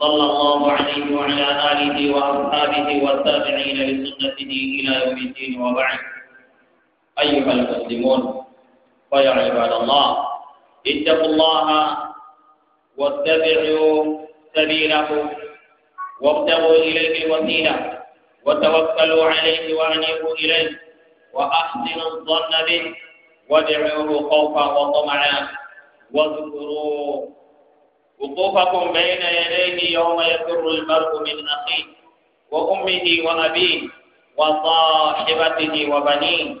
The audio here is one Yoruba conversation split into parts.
صلى الله عليه وعلى آله وأصحابه والتابعين لسنته إلى يوم الدين وبعد أيها المسلمون فيا عباد الله اتقوا الله واتبعوا سبيله وابتغوا إليه الوسيلة وتوكلوا عليه وأنيبوا إليه وأحسنوا الظن به وادعوه خوفا وطمعا واذكروا وقوفكم بين يديه يوم يفر المرء من أخيه وأمه وأبيه وصاحبته وبنيه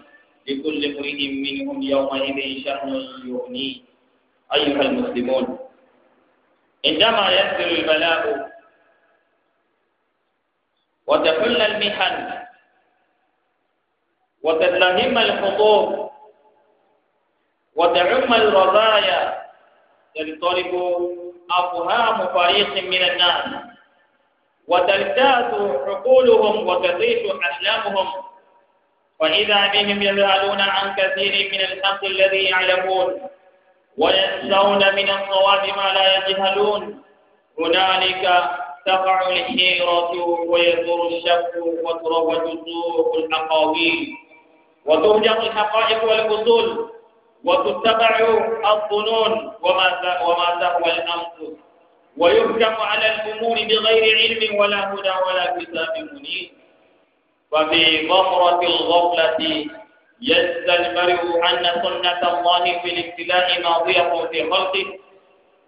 لكل امرئ منهم يومئذ شر يغنيه أيها المسلمون عندما ينزل البلاء وتحل المحن وتتلهم الخطوب وتعم الرزايا ينطلق أفهام فريق من الناس وتلتاث عقولهم وتطيش أحلامهم فإذا بهم يذهلون عن كثير من الحق الذي يعلمون وينسون من الصواب ما لا يجهلون هنالك تقع الحيرة ويثور الشك وتروج سوء الأقاويل وتهجر الحقائق والأصول وتتبع الظنون وما وما تهوى الأنفس ويحكم على الأمور بغير علم ولا هدى ولا كتاب منير ففي غفرة الغفلة يجزى المرء أن سنة الله في الابتلاء ماضية في خلقه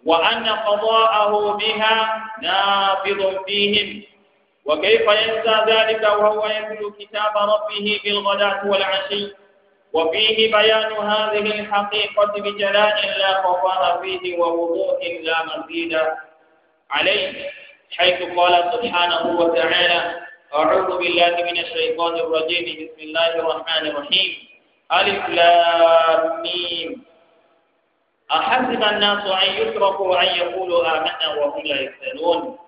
وأن قضاءه بها نافذ فيهم وكيف ينسى ذلك وهو يتلو كتاب ربه بالغداة والعشي وفيه بيان هذه الحقيقة بجلاء لا خفاء فيه ووضوح لا مزيد عليه حيث قال سبحانه وتعالى أعوذ بالله من الشيطان الرجيم بسم الله الرحمن الرحيم ألف لام ميم أحسب الناس أن يتركوا أن يقولوا آمنا وهم لا يفتنون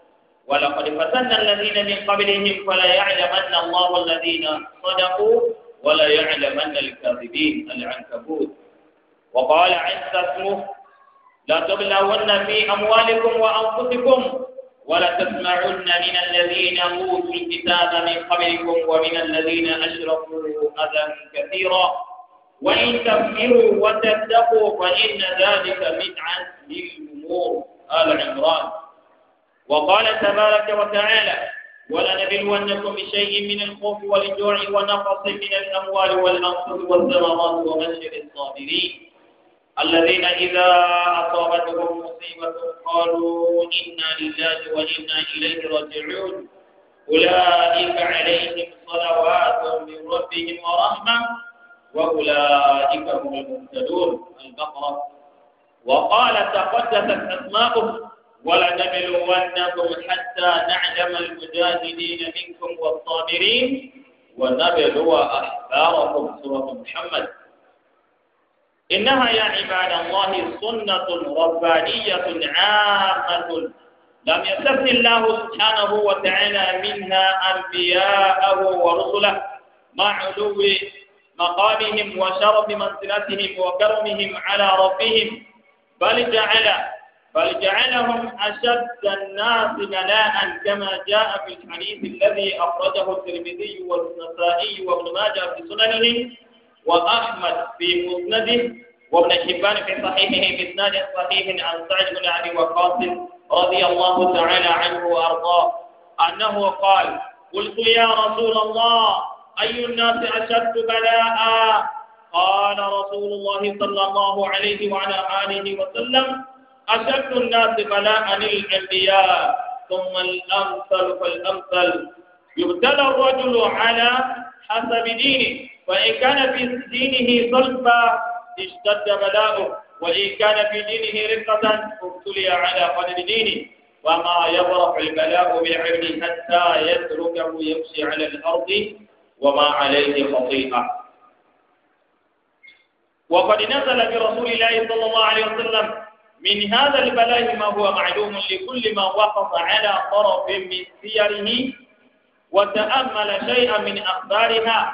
ولقد فتنا الذين من قبلهم فليعلمن الله الذين صدقوا ولا أن الكاذبين العنكبوت وقال عز اسمه لا تبلغن في أموالكم وأنفسكم ولا تسمعن من الذين أوتوا الكتاب من قبلكم ومن الذين أشركوا أذى كثيرا وإن تغفروا وتتقوا فإن ذلك من عزم الأمور آل عمران وقال تبارك وتعالى ولنبلونكم بشيء من الخوف والجوع ونقص من الأموال والأنفس والثمرات وبشر الصابرين الذين إذا أصابتهم مصيبة قالوا إنا لله وإنا إليه راجعون أولئك عليهم صلوات من ربهم ورحمة وأولئك هم المهتدون البقرة وقال تقدست أسماؤهم ولنبلونكم حتى نعلم المجاهدين منكم والصابرين ونبلو أحباركم سورة محمد إنها يا عباد الله سنة ربانية عامة لم يستثن الله سبحانه وتعالى منها أنبياءه ورسله مع علو مقامهم وشرف منزلتهم وكرمهم على ربهم بل جعل بل جعلهم أشد الناس بلاء كما جاء في الحديث الذي أخرجه الترمذي والنسائي وابن ماجه في سننه وأحمد في مسنده وابن حبان في صحيحه بإسناد صحيح عن سعد بن أبي وقاص رضي الله تعالى عنه وأرضاه أنه قال قلت يا رسول الله أي الناس أشد بلاء قال رسول الله صلى الله عليه وعلى آله وسلم أشد الناس بلاء الأنبياء ثم الأمثل فالأمثل يبتلى الرجل على حسب دينه فإن كان في دينه صلبا اشتد بلاؤه وإن كان في دينه رقة ابتلي على قدر دينه وما يبرح البلاء بعلمه حتى يتركه يمشي على الأرض وما عليه خطيئة وقد نزل برسول الله صلى الله عليه وسلم من هذا البلاء ما هو معلوم لكل من وقف على طرف من سيره وتأمل شيئا من أخبارها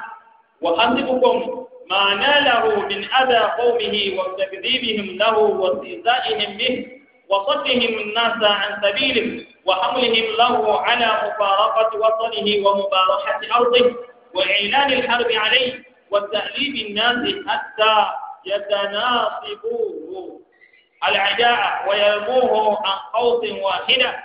وحسبكم ما ناله من أذى قومه وتكذيبهم له واستهزائهم به وصدهم الناس عن سبيله وحملهم له على مفارقة وطنه ومبارحة أرضه وإعلان الحرب عليه وتأليب الناس حتى يتناصبوه العداء ويرموه عن قوس واحدة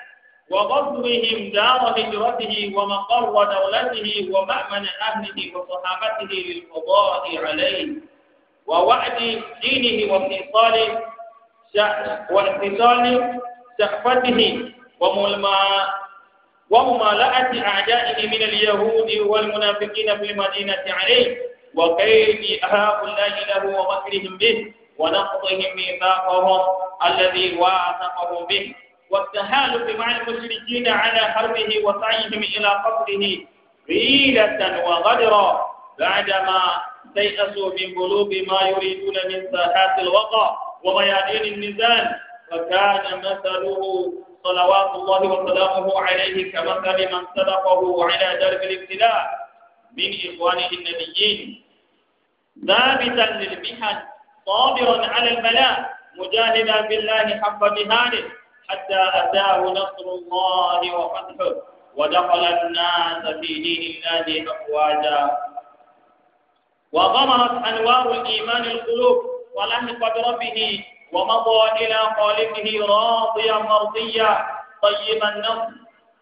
وغزوهم دار هجرته ومقر دولته ومأمن أهله وصحابته للقضاء عليه ووعد دينه وانتصال وانتصال شحفته وممالأة أعدائه من اليهود والمنافقين في المدينة عليه وكيد هؤلاء له ومكرهم به ونقضهم ميثاقهم الذي واثقه به والتهالك مع المشركين على حربه وسعيهم إلى قتله غيلة وغدرا بعدما تيأسوا من قلوب ما يريدون من ساحات الوقع وميادين الميزان فكان مثله صلوات الله وسلامه عليه كمثل من سبقه على درب الابتلاء من إخوانه النبيين ثابتا للمحن صابرا على البلاء مجاهدا بالله حق جهاده حتى أتاه نصر الله وفتحه ودخل الناس في دين الله أفواجا وغمرت أنوار الإيمان القلوب ولحق بربه ومضى إلى خالقه راضيا مرضيا طيب النصر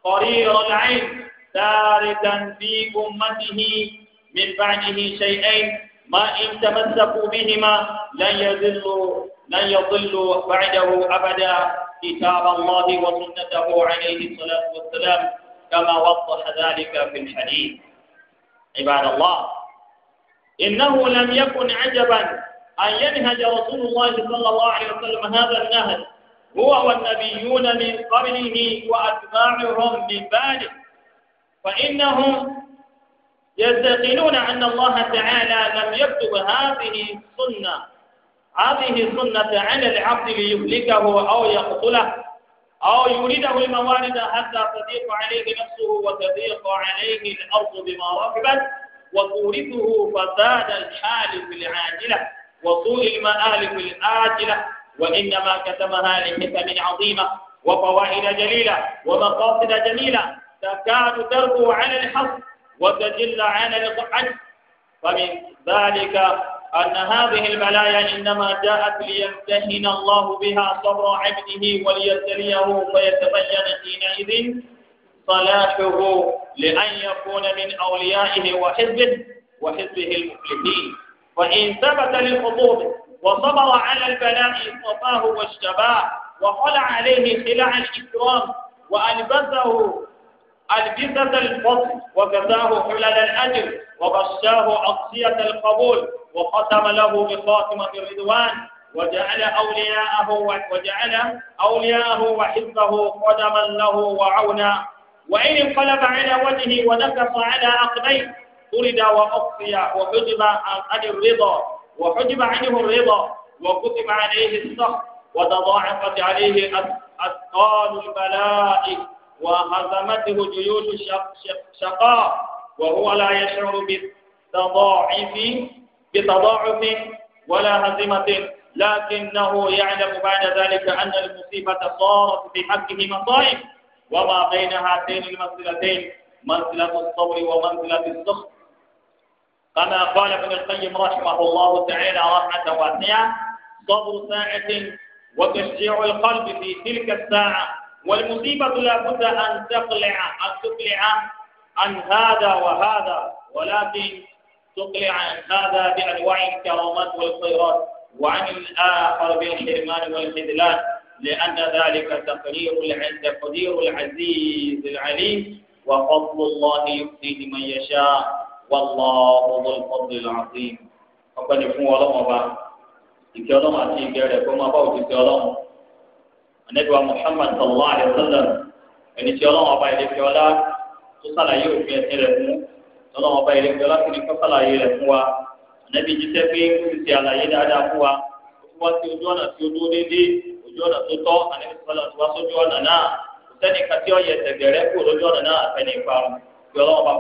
قرير العين تاركا في أمته من بعده شيئين ما إن تمسكوا بهما لن يضلوا لن يضلوا بعده أبدا كتاب الله وسنته عليه الصلاة والسلام كما وضح ذلك في الحديث عباد الله إنه لم يكن عجبا أن ينهج رسول الله صلى الله عليه وسلم هذا النهج هو والنبيون من قبله وأتباعهم من بعده فإنهم يستيقنون أن الله تعالى لم يكتب هذه السنة هذه السنة على العبد ليهلكه أو يقتله أو يورده الموارد حتى تضيق عليه نفسه وتضيق عليه الأرض بما ركبت وتورثه فساد الحال في العاجلة وسوء المآل في الآجلة وإنما كتمها لحكم عظيمة وفوائد جليلة ومقاصد جميلة تكاد تربو على الحصر وتجل عن الطعن فمن ذلك أن هذه البلايا إنما جاءت ليمتهن الله بها صبر عبده وليبتليه فيتبين حينئذ صلاحه لأن يكون من أوليائه وحزبه وحزبه المفلحين وإن ثبت للخطوب وصبر على البلاء اصطفاه واشتباه وخلع عليه خلع الإكرام وألبسه البسة الفصل وجزاه حلل الأجر وغشاه عصية القبول وختم له بخاتمة الرضوان وجعل أولياءه وجعل أولياءه وحزبه قدما له وعونا وإن انقلب على وجهه ونكص على عقبيه طرد وأقصي وحجب عن الرضا وحجب عنه الرضا وكتب عليه السخط وتضاعفت عليه أثقال الملائكة وهزمته جيوش شقاء وهو لا يشعر بتضاعف بتضاعف ولا هزيمة لكنه يعلم بعد ذلك أن المصيبة صارت بحقه مصائب وما بين هاتين المنزلتين منزلة الصبر ومنزلة السخط كما قال ابن القيم رحمه الله تعالى رحمة واسعة صبر ساعة وتشجيع القلب في تلك الساعة والمصيبة لا بد أن تقلع أن تقلع عن هذا وهذا ولكن تقلع عن هذا بأنواع الكرامات والخيرات وعن الآخر بالحرمان والخذلان لأن ذلك تقرير تقدير العزيز العليم وفضل الله يؤتيه من يشاء والله ذو الفضل العظيم. وقد يكون لما بعد. إن كان ما تيجي عليكم ما بعد إن anabi wa muhammad sallallahu alayhi wa sallam ẹni tí ọlọ́wọ́n ọba ilé fi ọlá tó sàlàyé òfin ẹsẹ̀ rẹ̀ fún ọlọ́wọ́n ọba ilé fi ọlá tó ní kọ́ sàlàyé rẹ̀ fún wa anabi jíṣẹ́ pé ó ti ṣe àlàyé dáadáa fún wa ó fi wá sí ojú ọ̀nà tí ó dúró déédéé ojú ọ̀nà tó tọ́ anabi sọlá tó wá sójú ọ̀nà náà kò sẹ́ni kan tí ó yẹ tẹ̀gẹ̀rẹ́ kó lójú ọ̀nà náà àtẹni ìparun kí ọlọ́wọ́n ọba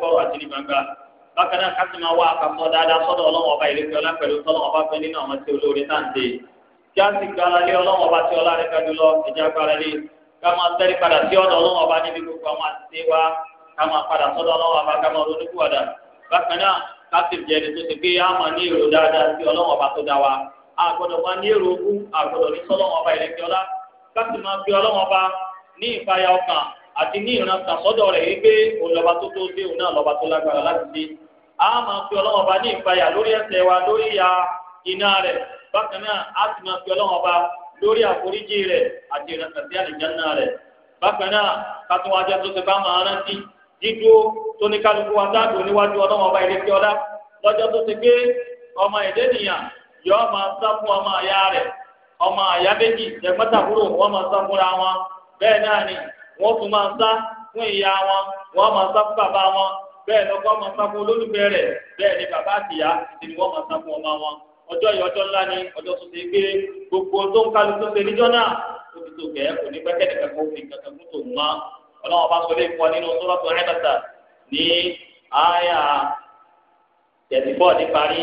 kó má bákan náà ká sì máa wá àkàkọ dáadáa sọ́dọ̀ ọlọ́wọ́n ọba ìlú fiọlá pẹ̀lú tọ́lọ́wọ́n ọba fẹ́ nínú àwọn tí olóore náà ń ṣe kí á sì gbára lé ọlọ́wọ́n ọba tí ọlá rẹ̀ fẹ́ jùlọ ìjà gbára lé ká máa tẹ́rí padà sí ọ̀dọ̀ ọlọ́wọ́n ọba níbi gbogbo àwọn àti wa ká máa padà sọ́dọ̀ ọlọ́wọ́n ọba ká máa ronú kúwàdà bákan náà ká sì jẹ́ ẹni tó ti pé á máa ní èrò dáadáa àti ní ìran tàsọ́dọ̀ rẹ̀ wípé òun lọ́ba tó tó dé òun náà lọ́ba tó lágbára láti dé a máa fi ọlọ́wọ́n ọba ní ìpayà lórí ẹsẹ̀ wa lórí ya iná rẹ̀ bákan náà a sì máa fi ọlọ́wọ́n ọba lórí àforíjì rẹ̀ àti ìrántí àlìjáná rẹ̀ bákan náà kátówájá tó ti bá máa rántí dídúró tó wa dáàbò níwájú ọlọ́wọ́n ọba ilé wọ́n tún máa sá fún ìyá wọn wọ́n máa sá fún bàbá wọn bẹ́ẹ̀ lọ́kọ́ máa sá fún olólùfẹ́ rẹ̀ ni bàbá àtìyá ti ni wọ́n máa sá fún ọmọ wọn ọjọ́ yìí ọjọ́ ńlá ni ọjọ́ tó ti gbé gbogbo tó ń kálu tó ṣe níjọ́ náà ó ti tó gẹ̀ẹ́ kò ní pẹ́kẹ́ nìkan kó fi nǹkan kan tó mọ́ ọlọ́wọ́n bá sọ lé nínú sọ́lọ́tò ẹ̀ẹ́dàtà ní àyà tẹ̀síbọ̀ níparí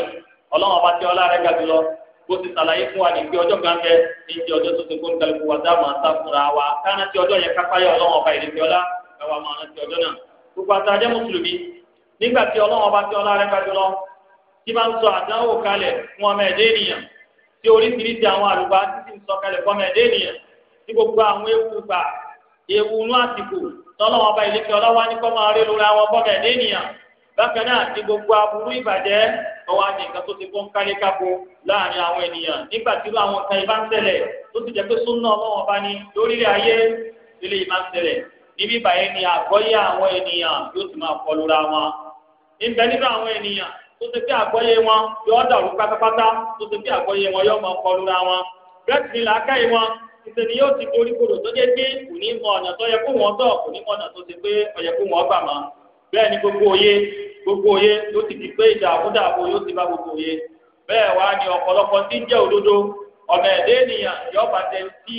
ọlọ́wọ́n bá tẹ ọlá rẹ̀ gàdúrọ̀ bó ti ṣàlàyé fún wa ní pé ọjọ́ kan níjẹ́ ọjọ́ tó ti kó ń kálukú wa dá màá sá fúnra wa káná tí ọjọ́ yẹn kápáyà ọlọ́wọ́n ọba ìrètí ọlá káwa máa rántí ọjọ́ náà gbogbo àtàjẹ́ mùsùlùmí nígbà tí ọlọ́wọ́n ọba tí ọlá rẹ̀ kájú lọ tí máa ń sọ àdánwò kalẹ̀ fún ọmọ ẹ̀dẹ́ ènìyàn tí oríṣiríṣi àwọn àlùbá títí ń sọ kalẹ̀ fún ọmọ ẹ̀dẹ́ ènìyàn tí gbogbo àwọn ewu gbà ewu inú àsìkò tọ́lọ́wọ́n ọba ìrètí ọlá wa ní kọ́ máa rí lóra wọn bọ́mọ ẹ̀dẹ́ ènìyàn bákan náà ní gbogbo aburú ìbàjẹ́ ọwọ́ àti nǹkan tó ti kọ́ ń kálé kápó láàrin àwọn ènìyàn nígbà tí irú àwọn kan ìbá ń tẹ̀lẹ̀ tó ti jẹ́ pé súnà ọlọ́wọ́n bá ní lórílẹ̀ ayé ilé ìbá ń tẹ̀lẹ̀ níbí báyìí ni àgbọ́yé àwọn ènìyàn yóò ti máa kọlu ra wọn. níbẹ̀ nínú àwọn ènìyàn tó ti fi àgbọ́yé wọn yọ dàrú pátápátá tó ti fi àgbọ́yé wọn yọ máa kọlu ra wọn. bẹ́ẹ̀ ni làákàyè wọn ìṣèlú yóò gbogbo òye gbogbo òye yóò ti di pé ìdààmúdààbò yóò ti bá gbogbo òye bẹ́ẹ̀ wá ní ọ̀pọ̀lọpọ̀ tí ń jẹ́ òdodo ọ̀nà ẹ̀dẹ́ ènìyàn yọ bàtẹ́ sí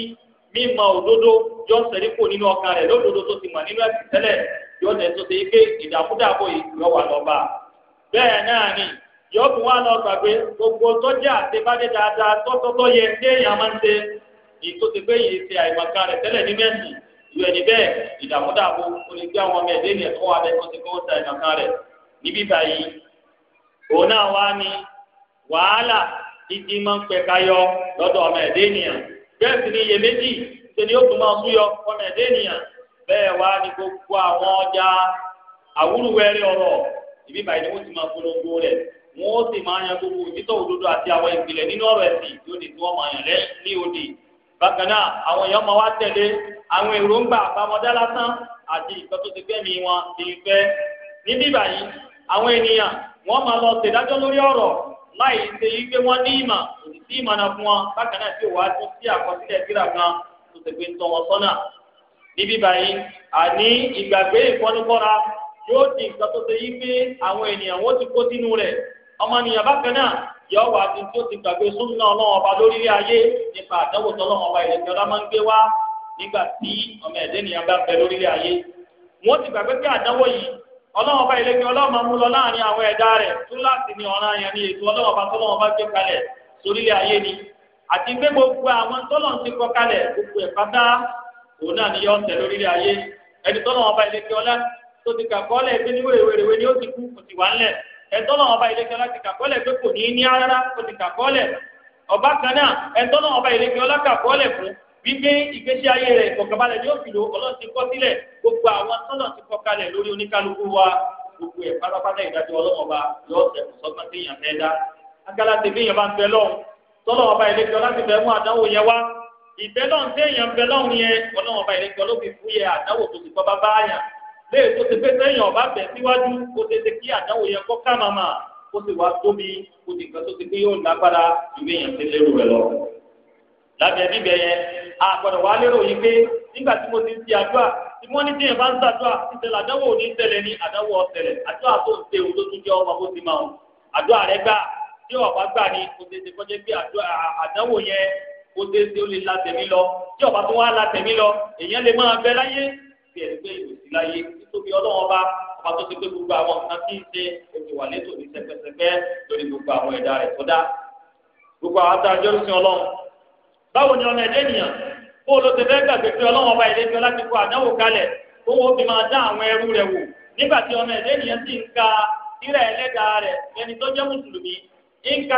mímọ̀ òdodo yọ sẹ́ríkò nínú ọkàn rẹ̀ lódodo tó ti mọ̀ nínú ẹ̀sìn tẹ́lẹ̀ yọ lẹ̀ tó ṣe é pé ìdààmúdààbò yìí yọ wà lọ́ba náà ni yọ fún wa lọ gbàgbé gbogbo tọ́jà àtibádé dáadáa tọ́tọ́tọ́ yẹ téèyàn máa ń ṣe ìtòsí pé yìí ṣe àìmọ̀kan rẹ̀ tẹ́lẹ̀ ní mẹ́sìn ìwẹ̀ níbẹ̀ ìdààmúdààbò olùgbé àwọn ọmọ ẹ̀dẹ́ ènìyàn kọ́ wa bẹ́ẹ̀ tó ti kọ́ ó ṣe àìmọ̀kan rẹ̀ níbí báyìí òun náà wá ní wàhálà títí máa ń pẹ̀ka yọ lọ́dọ̀ ọmọ ẹ̀dẹ́ ènìyàn bẹ́ẹ̀ sì ni iyèméjì ṣe ni ó tún máa súyọ ọmọ ẹ̀dẹ́ ènìyàn bẹ́ẹ̀ wá ní gbogbo àwọn ọjà àwúrúwẹ̀rẹ̀ ọ̀rọ̀ níbí báyìí ni wọ́n ti máa polongo rẹ̀ wọ́n ó sì máa yan gbogbo òtítọ́ òdodo àti àwọn ìpìlẹ̀ nínú ọ̀rọ̀ ẹ̀sìn tí ó di tí wọ́n máa yàn lẹ́ ní òde bákan náà àwọn èèyàn máa wá tẹ̀lé àwọn èròǹgbà àbámọ́dá lásán àti ìkọ́tún ti fẹ́ mi wọn ti fẹ́ níbí báyìí àwọn ènìyàn wọn máa lọ ṣèdájọ́ lórí ọ̀rọ̀ láì ṣe pé ní ìmà òsì sí ìmà náà fún wọn bákan náà tí sí àkọsílẹ̀ síra kan tó ṣe pé ń tọ́ wọn sọ́nà. níbí báyìí àní ìgbàgbé ìfọ́nukọ́ra yóò di nǹkan tó ṣe yí pé àwọn ènìyàn ti kó sínú rẹ̀ ọmọnìyàn bákan náà yọ wà ní tí ó ti gbàgbé súnmọ́ ọlọ́wọ́n ọba lórí ayé nípa àdánwò ti gbàgbé àdánwò yìí ọlọ́run ọba ìlẹ́kẹ́ ọlọ́run máa mú lọ láàrin àwọn ẹ̀dá rẹ̀ tó láti ní ọ̀ràn yẹn ní ètò ọlọ́run ọba tọ́lọ́run ọba gbé kalẹ̀ sórílẹ̀ ayé ni àti pé gbogbo àwọn tọ́lọ́run ti kọ́ kalẹ̀ gbogbo ẹ̀ pátá òun náà ni yọ ọ̀sẹ̀ lórílẹ̀ ayé ẹni tọ́lọ́run ọba ìlẹ́kẹ́ ọlá tó ti kàkọ́lẹ̀ pé ní wèrèwèrèwé ni ó ti kú kò sì wá ńlẹ̀ ẹ̀tọ́lọ́run ọba ìlẹ́kẹ́ ọlá ti kàkọ́lẹ̀ pé kò ní í ní rárá kò ti kàkọ́lẹ̀ ọba kan náà ẹ̀tọ́lọ́run ọba gbígbé ìgbésí ayé rẹ̀ ìfọ̀kànbalẹ̀ ni ó fi lò ọlọ́run ti kọ́ sílẹ̀ gbogbo àwọn tọ́nà ti kọ́ kalẹ̀ lórí oníkálukú wa gbogbo ẹ̀ pátápátá ìdájọ́ ọlọ́run ọba yóò sẹ̀kù sọ́gbọ́n tí èèyàn fẹ́ dá agala ti bí èèyàn bá ń bẹ lọ́hùn tọ́nà ọba ìlẹ́kẹ́ láti fẹ́ mú àdánwò yẹn wá ìfẹ́ lọ́hùn tí èèyàn bẹ lọ́hùn yẹn ọlọ́run ọba ìlẹ́kẹ́ ló fi fúyẹ àdánwò tó ti kọ́ bá bá àyàn léè tó ti pé sẹ́yìn ọba bẹ̀ síwájú kó àgbọ̀dọ̀ wà lérò yìí pé nígbà tí mo ti ń ti àdúrà tí mo ní tíyẹn bá ń sàdúrà ìṣẹ̀lẹ̀ àdánwò ò ní ṣẹlẹ̀ ní àdánwò ọ̀sẹ̀lẹ̀ àdúrà tó ń ṣe òótọ́ tún jẹ́ ọmọ bó ti máa ń àdúrà rẹ gbà tí ọba gbà ní kò tètè kọjá pé àdánwò yẹn kò tètè ó lè la tẹ̀mí lọ tí ọba tó wá la tẹ̀mí lọ èèyàn lè máa bẹ láyé bí ẹni pé ìrètí láyé nítorí ọlọ́wọ́n bá ọba tó ti pé gbogbo àwọn nǹkan tí ń ṣe òkè wà létò ní sẹpẹsẹpẹ lórí gbogbo àwọn ẹ̀dá rẹ̀ tó dá gbogbo àwọn àtàjọ́ sí ọlọ́run báwo ni ọmọ ẹ̀dẹ́ nìyàn kó o lọ ti fẹ́ gbàgbé pé ọlọ́wọ́n ọba ìlẹ́jọ́ ọláti kó àdánwò kalẹ̀ kó wọ́n fi máa dá àwọn ẹrú rẹ̀ wò nígbà tí ọmọ ẹ̀dẹ́ nìyàn ń ka tírà ka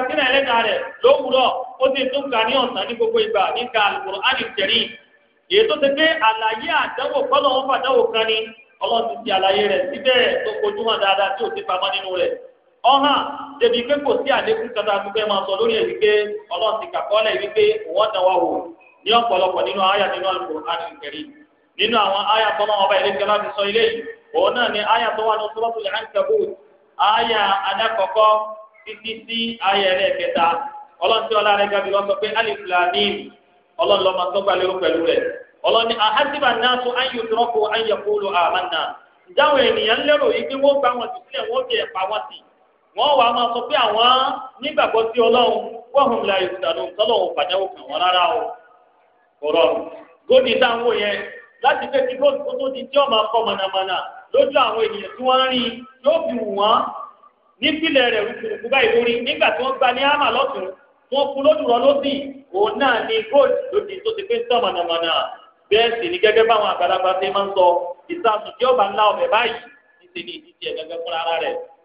tírà ẹlẹ́dàá rẹ̀ lówùúrọ̀ ó sì tún ka ní ọ̀sán ní gbogbo ìgbà ní ka Al-Qur'ani Karim èyí tó ti pé àlàyé àdánwò Ọha débi pé kò sí àlékún kata àtúkẹ́ máa sọ lórí èyí pé ọlọ́run ti kàkọ́lẹ̀ yìí pé òun ọ̀dàn wa wò ní ọ̀pọ̀lọpọ̀ nínú àyà nínú Al-Qur'an nínú àwọn àyà tó ọba ìlẹ́kẹ́ láti sọ ilé yìí òun náà ni àyà tó wà ní àyà adákọ̀ọ́kọ́ títí sí àyà ọlọ́run tí ọlá sọ pé wọn wàá máa sọ pé àwọn nígbàgbọ́ sí ọlọ́run wọ́n hùn láyé ìdàlù tọ́lọ́run fàjáwò kàn wọ́n rárá o kò rọrùn góòdì táwọn yẹn láti pé kí góòdì tó tó di tí ọmọ akọ mọ̀nàmọ̀nà lójú àwọn ènìyàn tí wọ́n rí yóò fi wù wọ́n nípìnlẹ̀ rẹ̀ rúkúrúkú báyìí lórí nígbà tí wọ́n gba ní ámà lọ́tún wọ́n kú lójú rọ òun náà ni tó ti pé mọ̀nàmọ̀nà bẹ́ẹ̀ sì ni gẹ́gẹ́ àgbàlagbà ṣe máa ń sọ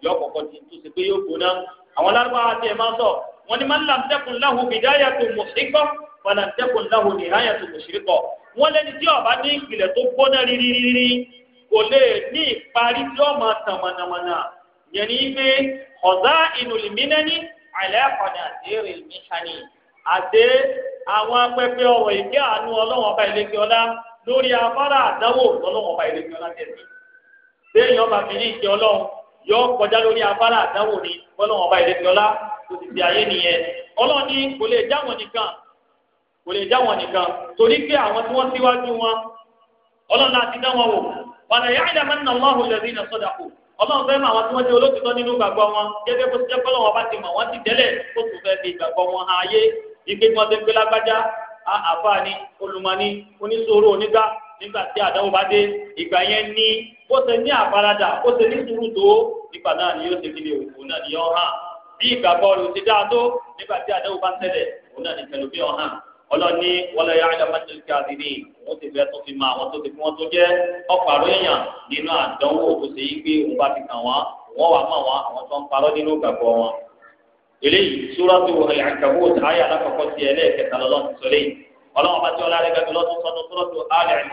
yọ kọ̀kọ́ ti tó ṣe pé yóò gbóná àwọn lárúbáwá tí ẹ máa sọ wọn ni mọ́nlá tẹkùn láhù bìdáyà tó mùsíkọ́ fọlá tẹkùn láhù nìháyà tó mùsíkọ́ wọn lẹni tí ọba ní ìpìlẹ̀ tó gbóná rírírírí kò lè ní ìparí tí ó máa tàn mọ̀nàmọ̀nà yẹn ni pé ọ̀zá ìnùlìmínẹ́ni àlẹ́ àkọ́ni àti èrè mìhání àti àwọn apẹpẹ ọ̀rọ̀ ìgbé àánú ọlọ́wọ́n ọba ìlẹ́gbẹ́ ọlá lórí afárá àdáwò ọlọ́wọ́n ọba ìlẹ́gbẹ́ ọlá tẹ̀sí. béèyàn bá fi ní ìjẹ ọlọ́run yọ kọjá lórí afárá àdáwò ni bọ́lọ̀ wọn bá ilé fiọ́lá tó ti di ayé nìyẹn ọlọ́ni kò lè já wọn nìkan kò lè já wọn nìkan torí pé àwọn tí wọ́n síwájú wọn ọlọ́ni àti dá wọn wò wàlẹ̀ yá ilẹ̀ mẹ́rin náà lọ́hùn lẹ́sìn iná sọ́dà kù ọlọ́run fẹ́ mọ àwọn tí wọ́n jẹ́ olótìtọ́ nínú gbàgbọ́ wọn gẹ́gẹ́ bó jẹ́ bọ́lọ̀ bá ti mọ̀ wọ́n ti tẹ́lẹ̀ tó fẹ́ fi gbàgbọ́ wọn hàn ayé ike tí ti ń lágbájá àfáà ni olùmọ̀ ni oníṣòro onígbà nígbà tí àdáwò bá dé ìgbà yẹn ní ó ṣe ní àfaradà ó ṣe ní sùúrù tó nígbà náà ni yóò ṣe kí ni òkú náà ni yọ hàn bí ìgbàgbọ́ rẹ̀ ti dáa tó nígbà tí àdáwò bá tẹ̀lẹ̀ òun náà ni pẹ̀lú bí ọ̀hán ọlọ́ni wọlé ayájọ mẹ́tẹ́lì káàdìní òun ti fẹ́ tó fi máa wọn tó ti fi wọn tó jẹ́ ọ̀pọ̀ àròyìn nínú àdánwò tó ṣe yí pé òun bá ti kàn wọ́n wọ́n wà mọ́ wọn àwọn tó ń parọ́ nínú ìgbàgbọ́ wọn. eléyìí súrọ́tù ìyàkàwọ́ àyà alákọ̀ọ́kọ́ ti ẹlẹ́ẹ̀kẹta lọ́lọ́ ọlọ́run bá tí ọlá rẹ̀ gàdú lọ́tún sọ́nù sọ́rọ́tù Ali Imran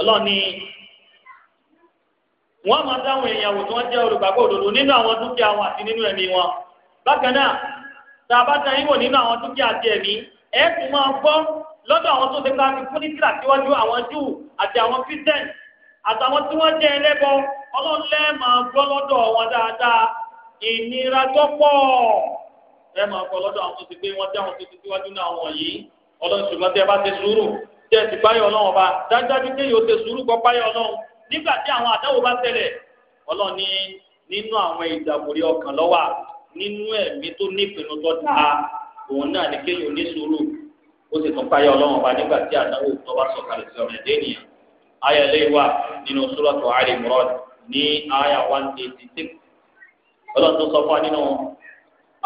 ọlọ́run ni wọ́n máa dáhùn èèyàn wò tí wọ́n jẹ́ olùgbàgbọ́ òdodo nínú àwọn dúkìá wọn àti nínú ẹ̀mí wọn bákan náà tá a bá ta yín wò nínú àwọn dúkìá àti ẹ̀mí ẹ̀ tún máa gbọ́ lọ́dọ̀ àwọn tó ti gba ti fún ní kíra síwájú àwọn júù àti àwọn christian àtàwọn tí wọ́n jẹ́ ẹlẹ́bọ ọlọ́run máa gbọ́ lọ́dọ̀ wọn dáadáa ìnira tó pọ̀ ẹ máa gbọ́ lọ́dọ̀ àwọn tó ti gbé wọn jẹ́ tó ti síwájú náà wọ̀nyí ọlọ́run ṣùgbọ́n tẹ́ ẹ bá ti sùúrù tẹ́ ẹ ti páyọ̀ ọlọ́run ọba dájúdájú kéèyàn ó ti sùúrù kọ́ páyọ̀ ọlọ́run nígbà tí àwọn àdáwò bá tẹ̀lẹ̀ ọlọ́run ní nínú àwọn ìdàgbòrí ọkàn lọ́wà nínú ẹ̀mí tó nípinnu tó dáa òun náà ní kéèyàn ó ní sùúrù ó sì tún páyọ̀ ọlọ́run ọba nígbà tí àdáwò tó bá sọ̀kalẹ̀ sí ọ̀rẹ́ dẹ́nìyàn ayọ̀ wà nínú Suratu Ali ní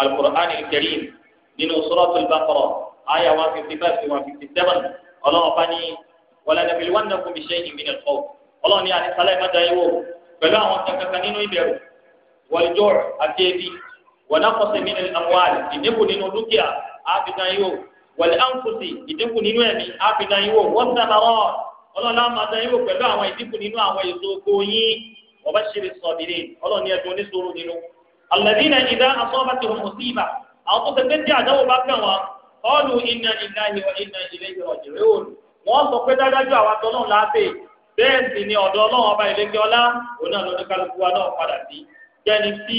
Al-Qur'an Al-Karim nínú Baqarah aya one fifty five to one fifty seven ọlọ́run bá ní wọlé nàbẹ̀lẹ̀ wọn nàkó mi ṣe ìmìnà ọ̀ ọlọ́run ní àdìsálà ìmájà yìí wò pẹ̀lú àwọn kankan nínú ìbẹ̀rù wọ̀lẹ́jọ́ àti ebi wọ̀nà kọ́sẹ̀ mi ní amúhàlì ìdínkù nínú dúkìá àbìdá yìí wò wọ̀lẹ́ àǹkùsì ìdínkù nínú ẹ̀mí àbìdá yìí wò wọ́n sábàrọ̀ ọlọ́run àmàjà yìí wò pẹ̀lú àwọn ìdínkù qalu inna lillahi wa inna ilayhi raji'un wọ́n sọ pé dájú àwọn atọ́nà láàbẹ̀ bẹ́ẹ̀ sì ni ọba ìlẹ́kẹ́ ọlá òun náà kálukú wa náà padà sí jẹni tí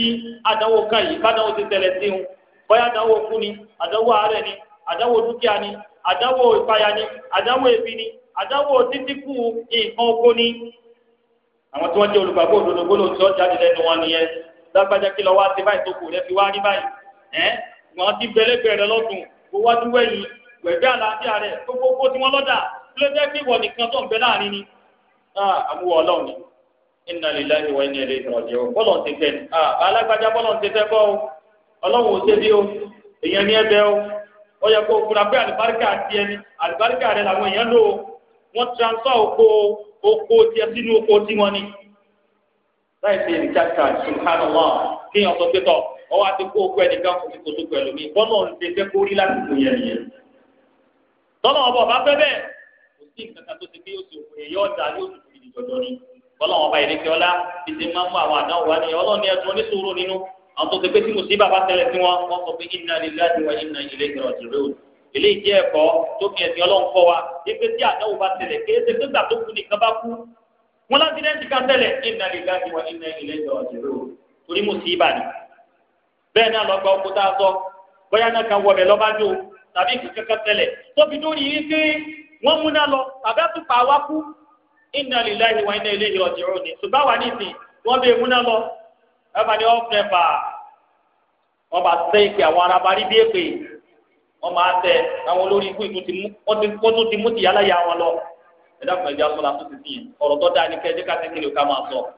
àdánwò kan yìí bádánwò ti tẹ̀lẹ̀ sí un bóyá àdánwò kú ni Adawo àárẹ̀ ni Adawo dúkìá ni àdánwò ìpayà ni àdánwò ebi ni Adawo títí kù ni. àwọn tí òdodo tí jáde wọn nìyẹn lágbájá kí lọ wá sí báyìí tó gbogbo wájú wẹ̀yìn wẹ̀gbẹ́ àlàáfíà rẹ̀ gbogbo gbogbo tí wọ́n lọ́dà ló jẹ́ pé ìwọ nìkan tó ń bẹ láàrin ni àmúwọ ọlọ́run ni inna lillahi wa inna ilayhi raji'un bọ́lọ̀ ń tẹ̀fẹ́ ni alágbájá bọ́lọ̀ ń tẹ̀fẹ́ kọ́ ọlọ́run ò ṣebí o èèyàn ní ẹbẹ o ó yẹ kó o fura pé àlùbáríkà tiẹ̀ ni àlùbáríkà rẹ̀ làwọn èèyàn lò wọ́n transfer oko oko tiẹ̀ sínú oko tiwọn ni láì fi ìrìkà kà subhanallah kéèyàn sọ pé tọ̀ ọwọ́ àti kó okú ẹnìkan kò fi kó sókè ẹlòmí bọ́nà òǹdè fẹ́ kó rí lásìkò yẹn nìyẹn. tọ́lọ̀ ọba ọba fẹ́ bẹ́ẹ̀ kò sí nǹkan kan tó ti pé oṣù òkú yẹn yóò dá yóò tutù ìdí jọjọ ni. bọ́lá ọba ìrèké ọlá ti ti máa ń mú àwọn àdáwò wá nìyẹn ọlọ́ọ̀ni ẹ̀sùn oníṣòro nínú àwọn tó ti pé tí mo sí bàbá tẹ́lẹ̀ sí wọn wọ́n sọ pé inna lillahi wa inna ilayhi raji'un eléyìí jẹ́ ẹ̀kọ́ tó fi ẹ̀sìn ọlọ́run kọ́ wa ipe tí àdáwò bá tẹ̀lẹ̀ kéde pé ni bẹ́ẹ̀ náà lọ́gbà ọkọ̀ tá a sọ bóyá náà kan wọbẹ̀ lọ́ba tàbí kankan tẹ̀lẹ̀ tóbi lórí yìí pé wọ́n múná lọ tàbí àtúpà wá kú inna lillahi wa inna ilayhi ni ṣùgbọ́n wà ní ìsìn wọ́n bẹ múná lọ ẹ̀fà ni wọ́n fẹ́ fà wọ́n bá tẹ ìpè àwọn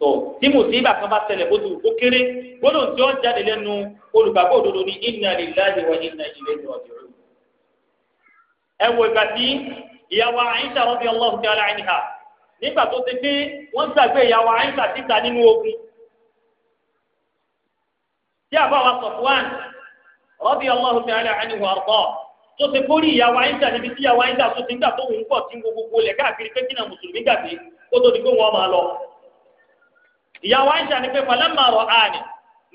so tí mùsíbà kan bá ṣẹlẹ̀ bó ti wù kó kéré gbọ́dọ̀ tí ó jáde lẹ́nu olùgbàgbọ́ òdodo ní inna lillahi wa inna ilayhi raji'un. ẹ wo ìgbà tí ìyàwó Àìṣà radiyallahu ta'ala anha nígbà tó ti pé wọ́n gbàgbé ìyàwó Àìṣà síta nínú ogun tí àbá wa Safwan radiyallahu ta'ala anhu àrùkọ́ tó ti kórì ìyàwó Àìṣà níbi tí ìyàwó tó ti ń gbà ìyàwó àìsàn ni pé pàlẹ́mà rọ̀ àní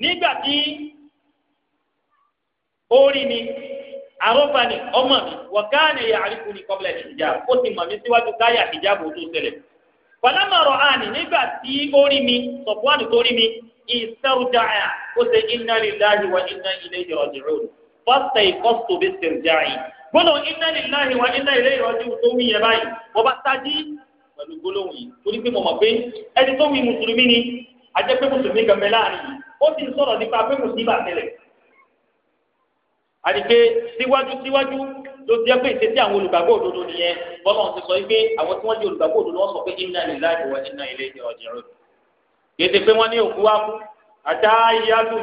nígbà tí orí ni àròfà ni ọmọ mi wọ̀gáàni ìyá àríkù ni kọ́bílẹ̀ ní ìjà ó ti mọ̀ mí síwájú káyà ìjábò tó ṣẹlẹ̀ pàlẹ́mà rọ̀ àní nígbà tí orí mi sọ̀bùwánì tó rí mi ìsẹ́rùjà ẹ̀ ó ṣe inna lillahi wa inna ilayhi raji'un fọ́sẹ̀ ìkọ́sọ̀ bí sẹ̀rùjà yìí gbọ́dọ̀ inna lillahi wa inna ilayhi raji'un tó wí pẹ̀lú gbólóhùn yìí torí pé mo mọ̀ pé ẹni tó wí mùsùlùmí ni ajẹ́ pé mùsùlùmí kan bẹ láàrin yìí ó sì ń sọ̀rọ̀ nípa pé mùsùlùmí bá tẹ̀lẹ̀ àti pé síwájú síwájú ló ti jẹ́ pé ìṣesí àwọn olùgbàgbọ́ òdodo nìyẹn bọ́lá ti sọ pé àwọn tí wọ́n jẹ́ olùgbàgbọ́ òdodo wọ́n sọ pé inna lillahi wa inna ilayhi raji'un yètè pé wọ́n ní òkú wá kú àtà ìyáàtú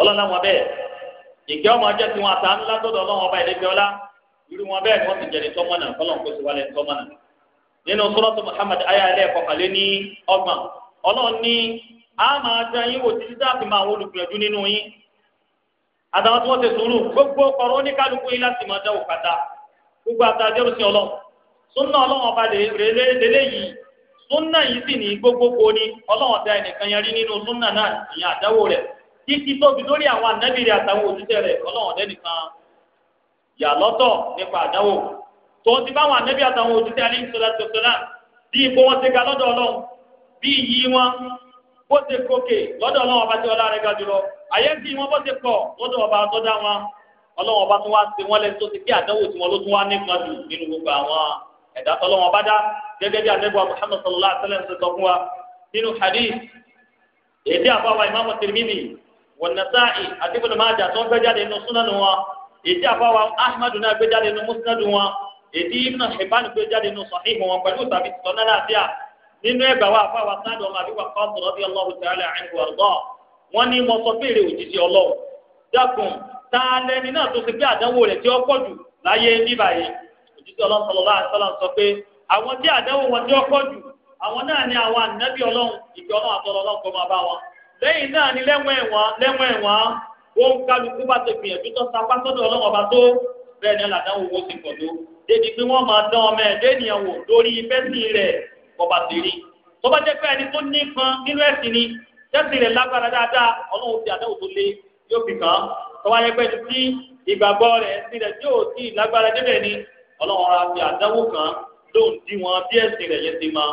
ọlọ́lá wọn bẹ́ẹ̀ ìkẹ́ ọmọ ọjọ́ tí wọn àtàánú ládọ́dọ̀ ọlọ́wọ́n ọba ìlẹ́gbẹ́ ọlá irú wọn bẹ́ẹ̀ ni wọ́n ti jẹ́ ní kọ́lọ́n kó sì wálé ní nínú sọ́lọ́tù Muhammad aya ilé ẹ̀kọ́ kàlẹ́ ní ọgbọ̀n ọlọ́run ní a máa jẹ yín wò títí dáàbì máa wọ́n olùgbìyànjú nínú yín àtàwọn tí wọ́n ti sùúrù gbogbo kọ̀rọ̀ oníkálukú yín láti máa kàtà gbogbo sí títí tóbi lórí àwọn ànábì rẹ̀ àtàwọn òṣìṣẹ́ rẹ̀ ọlọ́run ọ̀dẹ́ nìkan yà lọ́tọ̀ nípa àdánwò tó ti báwọn ànábì àtàwọn òṣìṣẹ́ alẹ́ ìṣọ̀lá tòṣọ̀lá bí ipò wọn ti ga lọ́dọ̀ ọlọ́run bí iyì wọn bó ti gòkè lọ́dọ̀ ọlọ́run ọba tí ọlá rẹ̀ ga jùlọ àyè ń bí wọn bó ti pọ̀ lọ́dọ̀ ọba tó dá wọn ọlọ́run ọba tó wá ṣe wọ́n lẹ́nu tó ti pé àdánwò tí ló tún wá nípa jù nínú gbogbo àwọn ẹ̀dá tọ́lọ́wọ́n bá dá wọnàsáì àti Ibn Majah tó ń gbé jáde nínú súnánù wọn èdè àfáwà ahmadu náà gbé jáde nínú musnadu wọn èdè Ibn Hibban gbé jáde nínú sahih wọn pẹ̀lú tàbí tọ́nà láàfíà nínú ẹgbà wa àfáwà sáàdù ọmọ àbíwá kọ́ọ̀tù radiyallahu ta'ala anhu àrùbọ̀ wọn ní mọ sọ fèrè òjijì ọlọ́run dákun tààlẹ́ni náà tó ti gbé àdánwò rẹ̀ tí ó pọ̀ jù láyé níbàyí òjijì ọlọ́run sallallahu alaihi wasallam sọ pé lẹ́yìn náà ni lẹ́wọ̀n ẹ̀wọ̀n lẹ́wọ̀n ẹ̀wọ̀n wọn ń kálukú bá ti gbìyànjú tó sapá sọ́dọ̀ ọlọ́wọ́n bá tó bẹ́ẹ̀ ni làdáwò owó ti pọ̀ tó débi pé wọ́n máa dán ọmọ ẹ̀dẹ́ ènìyàn wò lórí fẹ́sìn rẹ̀ kọba tèrí tó bá jẹ́ pé ẹni tó nípọn nínú ẹ̀sìn ni fẹ́sìn rẹ̀ lágbára dáadáa ọlọ́run ti àdáwò tó le yóò fi kàn án tó bá yẹ pé ẹni tí ìgbàgbọ́ rẹ̀ ẹ̀sìn rẹ̀ tí ò tí ì lágbára débẹ̀ ni ọlọ́run á fi àdáwò kàn án lóun dí wọn bí ẹ̀sìn rẹ̀ yẹn ti máa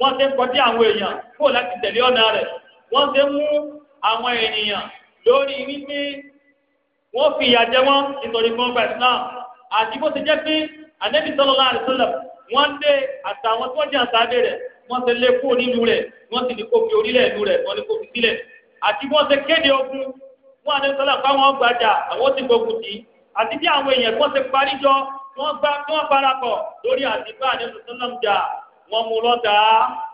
wọ́n ti ń kọjá àwọn èèyàn kó láti tẹ̀lé ọ̀nà rẹ̀ wọ́n ti ń mú àwọn ènìyàn lórí wípé wọ́n fi ìyà jẹ wọ́n nítorí fún ọgbà Islam àti bó ti jẹ́ pé Ànábì sallallahu alaihi wasallam wọ́n lé àtàwọn tó jẹ́ àtàdé rẹ̀ wọ́n ti lé kúrò nínú rẹ̀ wọ́n sì ní kó fi orílẹ̀ ìlú rẹ̀ wọ́n ní kó fi sílẹ̀ àti wọ́n ti kéde ogun fún Ànábì sallallahu báwọn gbàjà àwọn ti gbógun tì í àti bí àwọn èèyàn tó ti parí jọ wọ́n gbá tó ń parapọ̀ lórí àdìbò Ànábì wọ́n mú lọ́tà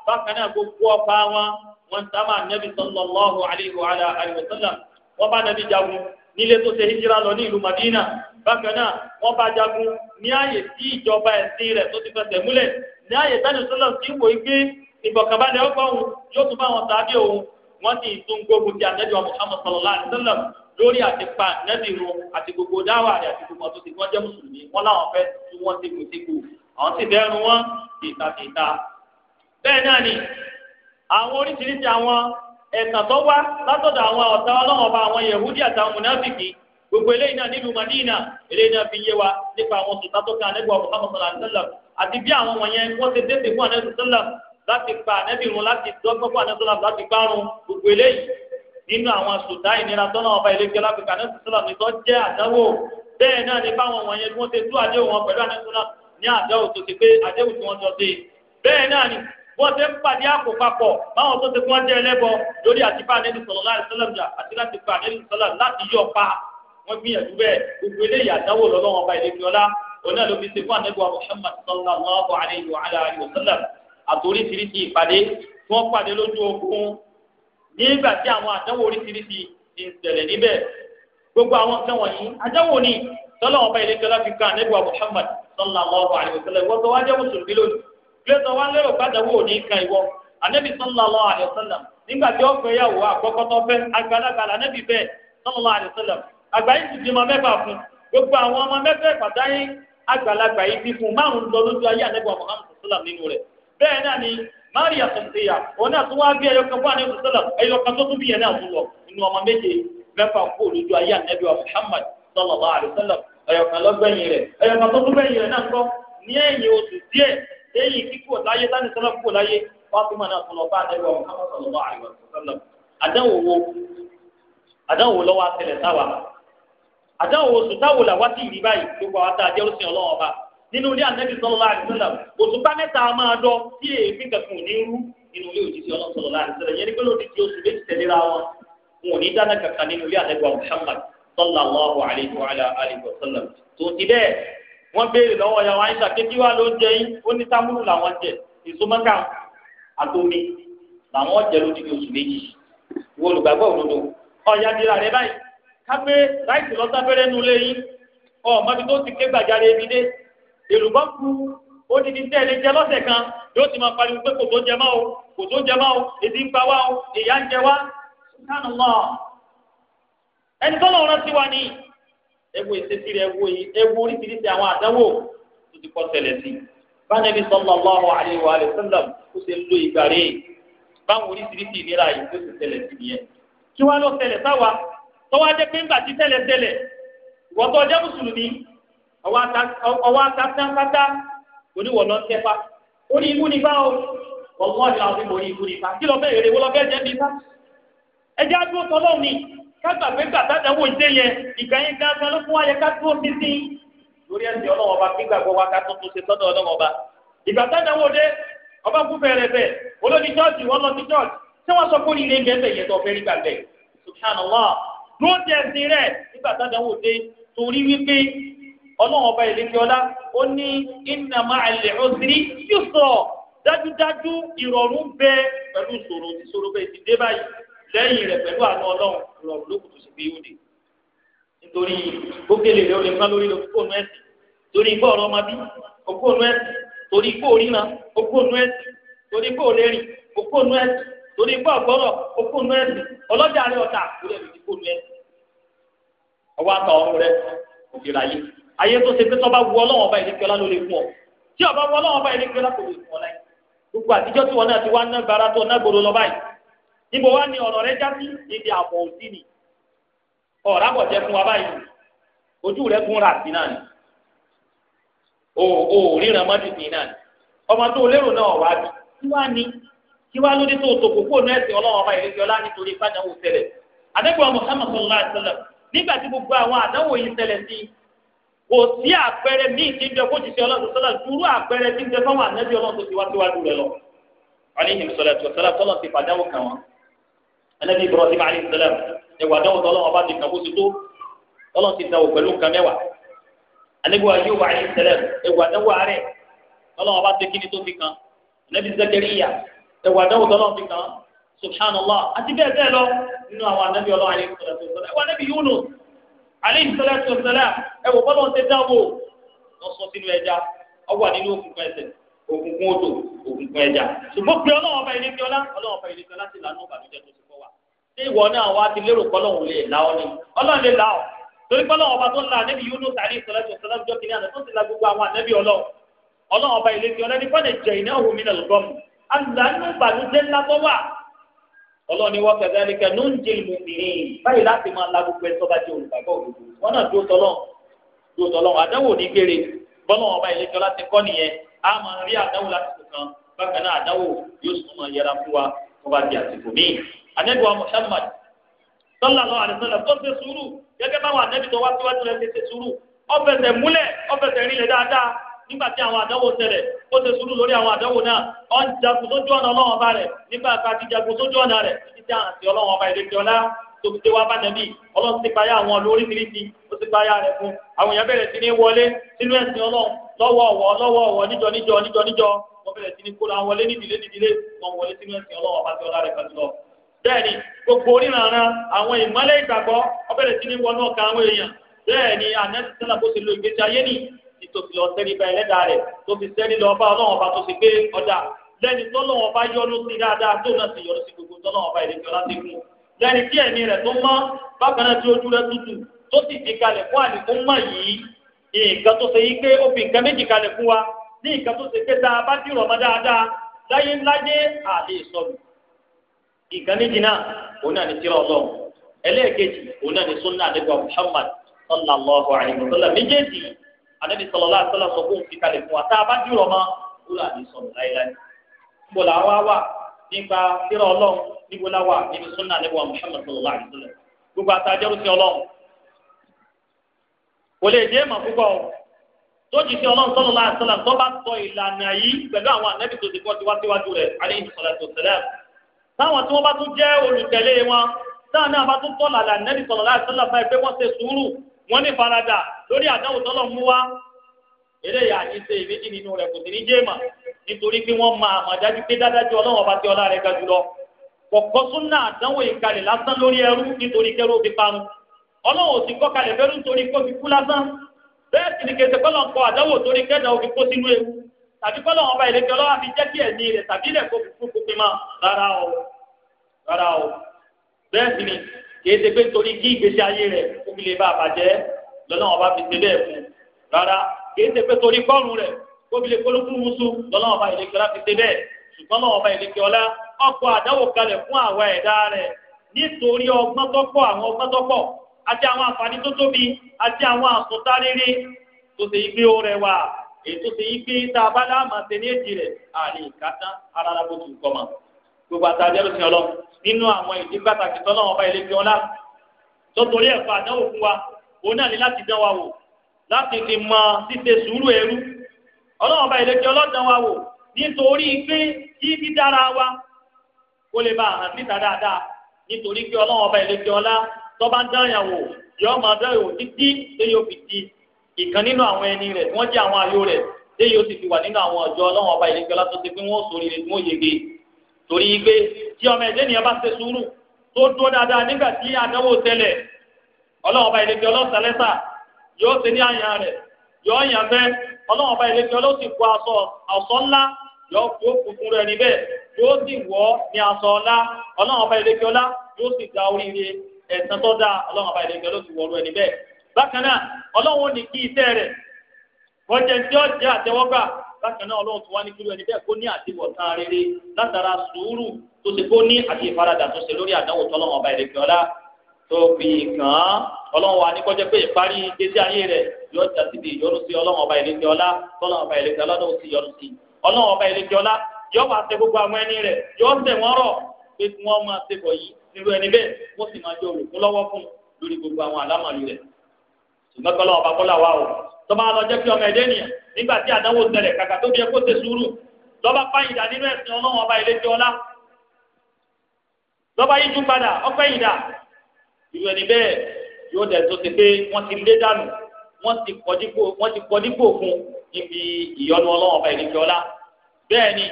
bákan náà gbogbo ọ̀pá wọn wọ́n ta máa nẹ́bí sallallahu alayhi wa alihi wa sallam wọ́n bá nẹ́bí jagun nílé tó ṣe hijira lọ ní ìlú Madina bákan náà wọ́n bá jagun ní ààyè tí ìjọba ẹ̀sìn rẹ̀ tó ti fẹsẹ̀ múlẹ̀ ní ààyè tani sọlọ tí wò í pé ìbọ̀kànbalẹ̀ ọgbà òun yóò tún bá wọn sáábì òun wọ́n sì tún gbógun ti àtẹ́jọ́ Muhammad sallallahu alayhi wa sallam lórí àtipa nẹ́bí àti gbogbo dáwà àti gbogbo ọ̀tún tí wọ́n jẹ́ mùsùlùmí wọ́n láwọn fẹ́ tí wọ́n ti kù ti kù àwọn sì dẹrù wọn tìtàtìtà bẹ́ẹ̀ náà ni àwọn oríṣiríṣi àwọn ẹ̀sán tó wá látọ̀dọ̀ àwọn ọ̀tá ọlọ́wọ́n ọba àwọn yẹ̀húdí àtàwọn mùnáfìkì gbogbo eléyìí náà nílùú Madina eléyìí náà fi yé wa nípa àwọn sùtá tó ká anẹ́gbọ̀ Muhammad sallallahu alaihi wasallam àti bí àwọn wọ̀nyẹn wọ́n ti dé sèkú anẹ́gbọ̀ sallallahu láti pa anẹ́bí run láti dọ́gbọ́n fún anẹ́gbọ̀ sallallahu láti parun gbogbo eléyìí nínú àwọn sùtá ìnira tọ́nà ọba ìlẹ́gbẹ́ láti kà anẹ́gbọ̀ sallallahu nìtọ́ jẹ́ àdáwò bẹ́ẹ̀ náà ní báwọn wọ̀nyẹn wọ́n ti tú àdéhùn wọn pẹ̀lú anẹ́gbọ̀ sallallahu ní àdáwò tó ti pé àdéhùn tí wọ́n jọ dé bẹ́ẹ̀ náà ni wọ́n ti ń pàdé àpò papọ̀ báwọn tó ti fún ọjọ́ ẹlẹ́bọ lórí àtibá àdéhùn sọ̀rọ̀ láti sọ́lọ́mùjà àti láti gba àdéhùn sọ́lá láti yọ pa wọ́n gbìyànjú bẹ́ẹ̀ gbogbo eléyìí àdáwò lọ́lọ́wọ́n ọba ìlẹ́kì ọlá òun náà ló fi ṣe fún àdéhùn Muhammad sallallahu alayhi wa alayhi wa sallam àtòríṣiríṣi ìpàdé tí wọ́n pàdé lójú ogun nígbà tí àwọn àdáwò oríṣiríṣi ti ń ṣẹlẹ̀ níbẹ̀ gbogbo àwọn nǹkan wọ̀nyí àdáwò ni tọ́lá wọn bá ilé kẹlá fi kan ànábì wa Muhammad sallallahu alayhi wa sallam ìwọ tó wá jẹ́ mùsùlùmí lónìí bí ó sọ wá lérò gbàdáwò ní kan ìwọ ànábì sallallahu alayhi wa sallam nígbà tí ó fẹ́ yàwó àkọ́kọ́ tó fẹ́ àgbàlagbà ànábì bẹ́ẹ̀ sallallahu alayhi wa sallam àgbáyé ti di ọmọ mẹ́fà fún gbogbo àwọn ọmọ mẹ́fẹ́ pàdáyé àgbàlagbà yìí ti fún márùn lọ lójú ayé ànábì wa Muhammad sallam nínú rẹ̀ bẹ́ẹ̀ lọ lójú ayé ẹyọkan lọ́gbẹ̀yìn rẹ̀ ẹyọkan tó tún gbẹ̀yìn rẹ̀ náà kọ́ ní ẹ̀yìn oṣù díẹ̀ lẹ́yìn kíkó láyé sáni sọlá kúkó láyé Fátímà náà tún lọ bá àdéhùn ọmọ kámọ́ sọlọ bá àyè wọn sọlọ àdéhùn wo àdéhùn wo lọ́wọ́ àtẹlẹ táwa àdéhùn oṣù táwo làwa ti rí báyìí gbogbo àwọn tá a jẹ́ òsìn ọlọ́wọ́ bá nínú ilé ànábì sọlọ láàrin sọlọ oṣù bá máa dọ tí èéfín kankan ò rú nínú ilé òjijì ọlọ́sọlọ láàrin sọlọ yẹn ní pé lóde oṣù méjì sallallahu alayhi wa alihi wa sallam tó ti bẹ́ẹ̀ wọ́n béèrè lọ́wọ́ ya wọn àyíṣà kékeré wa ló ń jẹ yín ó ní sámúlù làwọn jẹ èso mọ́kà àtomi làwọn jẹ lódìdí oṣù méjì wo olùgbàgbọ́ òdodo ọ̀ya dira rẹ báyìí kápẹ́ ráìsì lọ́sàfẹ́rẹ́ nu lé yín ọ̀mọbi tó ti ké gbàjarè ebi dé èlùbọ́ ku odidi tẹ́ ẹ lè jẹ lọ́sẹ̀ kan yóò ti máa pariwo pé kò tó jẹ ẹni tó lọ́rọ́ sí wa ní ewu ìsèkiri ewu yìí ewu oríṣiríṣi àwọn àdánwò tó ti kọ́ tẹ̀lẹ̀ sí bánẹ́bí sallallahu alaihi wa sallam kó ṣe lo ìgbà rẹ̀ báwọn oríṣiríṣi ìlera yìí tó ti tẹ̀lẹ̀ sí nìyẹn kí wọ́n lọ tẹ̀lẹ̀ sáwa tó wá dé pé ńgbà tí tẹ̀lẹ̀ tẹ̀lẹ̀ ìwọ́n tó ọjọ́ mùsùlùmí ọwọ́ akátákátá oníwọ̀ lọ tẹ́fà orí ikú ni bá o wọ́n mọ́ ọ̀dọ̀ orí ikú ni bá kágbàgbé gbàtàdà wò ń déyẹ ìgbàyẹn gángan ló fún wáyé ká tó ti sí lórí ẹsẹ̀ ọlọ́wọ́n ọba kí gbàgbọ́ wa ká tó tó ṣe sọ́dọ̀ ọlọ́wọ́n ọba ìgbàtàdà wò dé ọba kú fẹ̀rẹ̀ bẹ̀ olódi chọ́ọ̀tì wọn lọ sí chọ́ọ̀tì tí wọ́n sọ fún ilé ń bẹ́ẹ̀ yẹn tó fẹ́ rí gbàgbẹ́ subhanallah ló ń tẹ̀ sí rẹ̀ ìgbàtàdà wò dé torí wípé ọlọ́wọ́n ọba ìlẹ́kẹ́ọ́lá ó ní inna ma'al usri yusra dájúdájú ìrọ̀rùn bẹ pẹ̀lú ìṣòro tí bẹ ti dé lẹ́yìn rẹ̀ pẹ̀lú àánú ọlọ́run rọrùn ló kù tó sì fi yóò dé nítorí gbókèlè rẹ ó lè ń bá lórí lọ kókó nu ẹsìn torí igbó ọ̀rọ̀ ọmọ bí kókó nu ẹsìn torí igbó ríran kókó nu ẹsìn torí igbó lérìn kókó nu ẹsìn torí igbó ọgbọrọ kókó nu ẹsìn ọlọ́jà rẹ ọ̀tà lórí ẹ̀mí kókó nu ẹsìn ọwọ́ àtọ̀ ọ̀run rẹ kò fi ra níbo wá ní ọ̀rọ̀ rẹ já sí níbi àbọ̀ òsì ni ọ̀rọ̀ àbọ̀jẹ́ fún wa báyìí ojú rẹ gún ràsí náà ni o ò ríran mọ́ títì náà ni ọmọ tó lérò náà wá bí kí wá ní kí wá lóde tó tó kókó nú ẹ̀sìn ọlọ́run ọba ìrèké ọlá nítorí ìpàdánwò ṣẹlẹ̀ àdẹ́gbọ̀n Muhammad sallallahu alaihi wasallam nígbà tí gbogbo àwọn àdánwò yìí ṣẹlẹ̀ sí kò sí àpẹẹrẹ míì tí ń bẹ kó jìṣẹ́ ọlọ́run sọ́lá dúró àpẹẹrẹ tí ń bẹ fáwọn ànábì ọlọ́run tó ti wá síwájú rẹ lọ. aleyhi salatu wa salam tọ́lọ́ ti fàdánwò kàn wọ́n Ànábì Ibrahim alayhi salam ẹwà dáwọ tọlọ ọba ti kàn kó ti tó tọlọ ti dáwọ pẹ̀lú nǹkan mẹ́wàá Ànábì Ayub alayhi salam ẹwà dáwọ arẹ tọlọ ọba ti kíni tó fi kàn Ànábì Zakariya ẹwà dáwọ tọlọ fi kàn subhanallah àti bẹ́ẹ̀ bẹ́ẹ̀ lọ nínú àwọn Ànábì ọlọ alayhi salam ẹwà Ànábì Yunus alayhi salatu wa salam ẹwà bọlọ ti dáwọ lọsọ sínú ẹja ọwọ nínú òkùnkùn ẹsẹ òkùnkùn odò òkùnkùn ẹja ṣùgbọ́n pé ọlọ́wọ́ ọba ìlẹ́kẹ́ ọlá ọlọ́wọ́ ọba ìlẹ́kẹ́ ọlá ti lànà ọba àdújẹ́ tó tí ìwọ náà wá ti lérò kọ́lọ́hún lè là ọ́ ni ọlọ́run lè là ọ́ torí kọ́lọ́hún ọba tó ń la ànábì Yunus sàrí ìsọ̀lẹ́sọ̀ sọlẹ́sọ̀ kìnìún àná tó ti la gbogbo àwọn ànábì ọlọ́run ọlọ́run ọba ìlẹ́sì ọlọ́ni fọ́nẹ̀ jẹ iná òhun mi nàlùkọ́ mu àgbàánu ìbànújẹ́ ńlá tó wà ọlọ́ni wọ́n kẹ̀kẹ́ ní kẹ́ ló ń jẹ ìmùmìnirin báyìí láti máa la gbogbo ẹ̀sọ́ bá jẹ olùgbàgbọ́ òdodo wọn náà dúró tọ́lọ́ dúró tọ́lọ́ àdánwò ní kéré bọ́lọ́wọ́n ànẹ́bí wa Muhammad sallallahu alaihi wasallam tó ṣe sùúrù gẹ́gẹ́ báwọn ànẹ́bí tó wá síwájú rẹ̀ ṣe ṣe sùúrù ó fẹsẹ̀ múlẹ̀ ó fẹsẹ̀ rinlẹ̀ dáadáa nígbà tí àwọn àdánwò ṣẹlẹ̀ ó ṣe sùúrù lórí àwọn àdánwò náà ó ń jagun sójú ọ̀nà ọlọ́wọ́n ọba rẹ̀ nígbà tá a ti jagun sójú ọ̀nà rẹ̀ títí tí àwọn àti ọlọ́wọ́n ọba ìrètí ọlá tó fi dé wá bá nàbí ọlọ́run ti payá àwọn lóríṣiríṣi ó ti payá rẹ̀ fún àwọn èèyàn bẹ̀rẹ̀ sí ní wọlé sínú ẹ̀sìn ọlọ́run lọ́wọ́ ọ̀wọ́ lọ́wọ́ ọ̀wọ́ níjọ níjọ níjọ níjọ wọ́n bẹ̀rẹ̀ sí ní kóra wọlé nídìílé nídìílé wọ́n wọlé sínú ẹ̀sìn ọlọ́run ọba ọlá rẹ̀ kàdúrà bẹ́ẹ̀ni gbogbo oníranran àwọn ìmọ́lẹ̀ ìgbàgbọ́ ọbẹ̀rẹ̀ sí ní wọnú ọkàn àwọn èèyàn bẹ́ẹ̀ni anẹ́sì sẹ́lá bó ṣe lo ìgbésí ayé nì ìtòsí lọ sẹ́ni bá ẹlẹ́dà rẹ̀ tó fi sẹ́ni lọ bá ọlọ́wọ́n bá tó ṣe pé ọjà lẹ́ni tọ́lọ́wọ́n bá yọnu sí dáadáa tó náà sì yọnu sí gbogbo tọ́lọ́wọ́n bá ìdẹ́jọ́ láti mú lẹ́ni tí ẹ̀mí rẹ̀ tó mọ́ bákan náà tí ojú rẹ̀ tutù tó sì fi kalẹ̀ fún àlìkún mọ̀ yìí nǹkan tó ṣe yí pé ó fi nǹkan méjì kalẹ̀ fún wa ní nǹkan tó ṣe pé tá a bá dìrọ̀ mọ́ dáadáa láyé ńláyé àlè sọnù ìkan méjì náà òun náà ni tírà Ọlọ́run ẹlẹ́ẹ̀kejì òun náà sunna Muhammad sallallahu alayhi wa sallam méjèèjì ànábì sallallahu alayhi wa sallam sọ fún òfin kalẹ̀ fún wa tá a bá dúró mọ́ ó là ní láéláé níbo la Muhammad sallallahu alayhi wa sallam gbogbo kò lè dé sí ọlọ́run tó bá ìlànà yìí pẹ̀lú àwọn ti rẹ̀ táwọn tí wọ́n bá tún jẹ́ olùtẹ̀lé wọn táwọn náà bá tún tọ́lá là nẹ́bí sọ̀rọ̀ láti sọ́lá báyìí pé wọ́n ṣe sùúrù wọ́n ní faradà lórí àdáwò tọ́lọ̀ mú wá eléyà ní ṣe ìbejì nínú rẹ̀ kò sí ní jéèmà nítorí pé wọ́n máa mọ̀ dájú pé dájú ọlọ́run ọba tí ọlá rẹ̀ ga jùlọ kọ̀kọ́ súnà àdánwò ìkalẹ̀ lásán lórí ẹrú nítorí kẹrù òbí parun ọlọ́run ò sì kọ́ kalẹ̀ fẹ́rú nítorí kó fi kú lásán bẹ́ẹ̀ sì ni kẹsẹ̀ kọ́lọ̀ ń kọ àdánwò torí kẹ́dà òbí kó sínú ewu tàbí kọ́lọ̀ wọn bá ilé kí ọlọ́wà fi jẹ́ kí ẹ̀mí rẹ̀ tàbí ilẹ̀ kó fún kópin mọ́ rárá o rárá o bẹ́ẹ̀ sì ni kìí ṣe pé nítorí kí ìgbésí ayé rẹ̀ kóbi lè bá a bàjẹ́ lọ́nà wọn bá fi ṣe bẹ́ẹ̀ fún rárá kìí ṣe pé torí kọ́ọ̀rù rẹ̀ kóbi lè kólókùn musu lọ́nà wọn bá ilé kí ọlá fi ṣe bẹ́ẹ̀ ṣùgbọ́n lọ́wọ́ wọn bá ilé kí ọlá ọkọ̀ àdáwò kalẹ̀ fún àwa ẹ̀dá rẹ̀ nítorí ọgbọ́n tó àwọn ọgbọ́n ètò ti yí pé tá a bá láàmà ṣe ní èjì rẹ̀ àlè ìkátá arára bó ti ń kọ́mà gbogbo àtàjẹ́ ló ti ọlọ́run nínú àwọn ìdí pàtàkì tọ́lọ́ ọba ilé fi wọn lá tọ́tòrí ẹ̀fọ́ àdánwò fún wa òun náà ní láti dán wa wò láti fi mọ ṣíṣe sùúrù ẹrú ọlọ́run ọba ilé fi ọlọ́dàn wa wò nítorí pé kí dídára wa kó lè bá àhàn síta dáadáa nítorí pé ọlọ́run ọba ilé fi ọlá tọ́ bá dán yàn wò yọ ìkan nínú àwọn ẹni rẹ̀ tí wọ́n jẹ́ àwọn ayò rẹ̀ déyìí ó sì fi wà nínú àwọn ọjọ́ ọlọ́wọ́n ọba ìlẹ́gbẹ́ látọ́ ti pé wọ́n sórí rẹ̀ tí wọ́n yege torí pé tí ọmọ ẹ̀dẹ́ nìyẹn bá ṣe sùúrù tó dúró dáadáa nígbà tí àdánwò tẹlẹ̀ ọlọ́wọ́n ọba ìlẹ́gbẹ́ ọlọ́sàlẹ́sà yóò ṣe ní àyàn rẹ̀ yóò yàn fẹ́ ọlọ́wọ́n ọba ìlẹ́gbẹ́ ọlọ́sì kó aṣọ aṣọ ńlá yóò fi ó kúkú rẹ̀ níbẹ̀ yóò sì wọ́ ní aṣọ ọlá ọlọ́wọ́n ọba ìlẹ́gbẹ́ ọlá yóò sì da oríire ẹ̀sán tó bákan náà ọlọ́run ní kí iṣẹ́ rẹ̀ kọjá tí ó jẹ́ àtẹwọ́gbà bákan náà ọlọ́run tó wá ní kíló ẹni bẹ́ẹ̀ kó ní àtiwọ̀tán rere látara sùúrù tó ti kó ní àti ìfaradà tó ṣe lórí àdánwò tọ́lọ́run ọba ìrèké ọlá tó fi kàn án ọlọ́run wa ní kọjá pé ìparí ìgbésí ayé rẹ̀ yóò jà síbi ìyọnu sí ọlọ́run ọba ìrèké ọlá tọ́lọ́run ọba ìrèké ọlá náà ti yọnu sí ọlọ́run ọba ìrèké ọlá yóò máa ṣùgbọ́n kọ́ lọ́wọ́ bàbá làwà o tó máa lọ jẹ́ kí ọmọ ẹ̀dẹ́ nìyẹn nígbà tí àdánwò ṣẹlẹ̀ kàkà tó yẹ kó ṣe sùúrù lọ́ba fáyìndà nínú ẹ̀sìn ọlọ́wọ́n ọba ilé jọlá lọ́ba yíjú padà ọpẹ́ yìndà ìlú ẹni bẹ́ẹ̀ yóò dẹ̀ tó ṣe pé wọ́n ti lé dànù wọ́n ti kọ́ dípò fún níbi ìyọnu ọlọ́wọ́n ọba ilé jọlá bẹ́ẹ̀ ni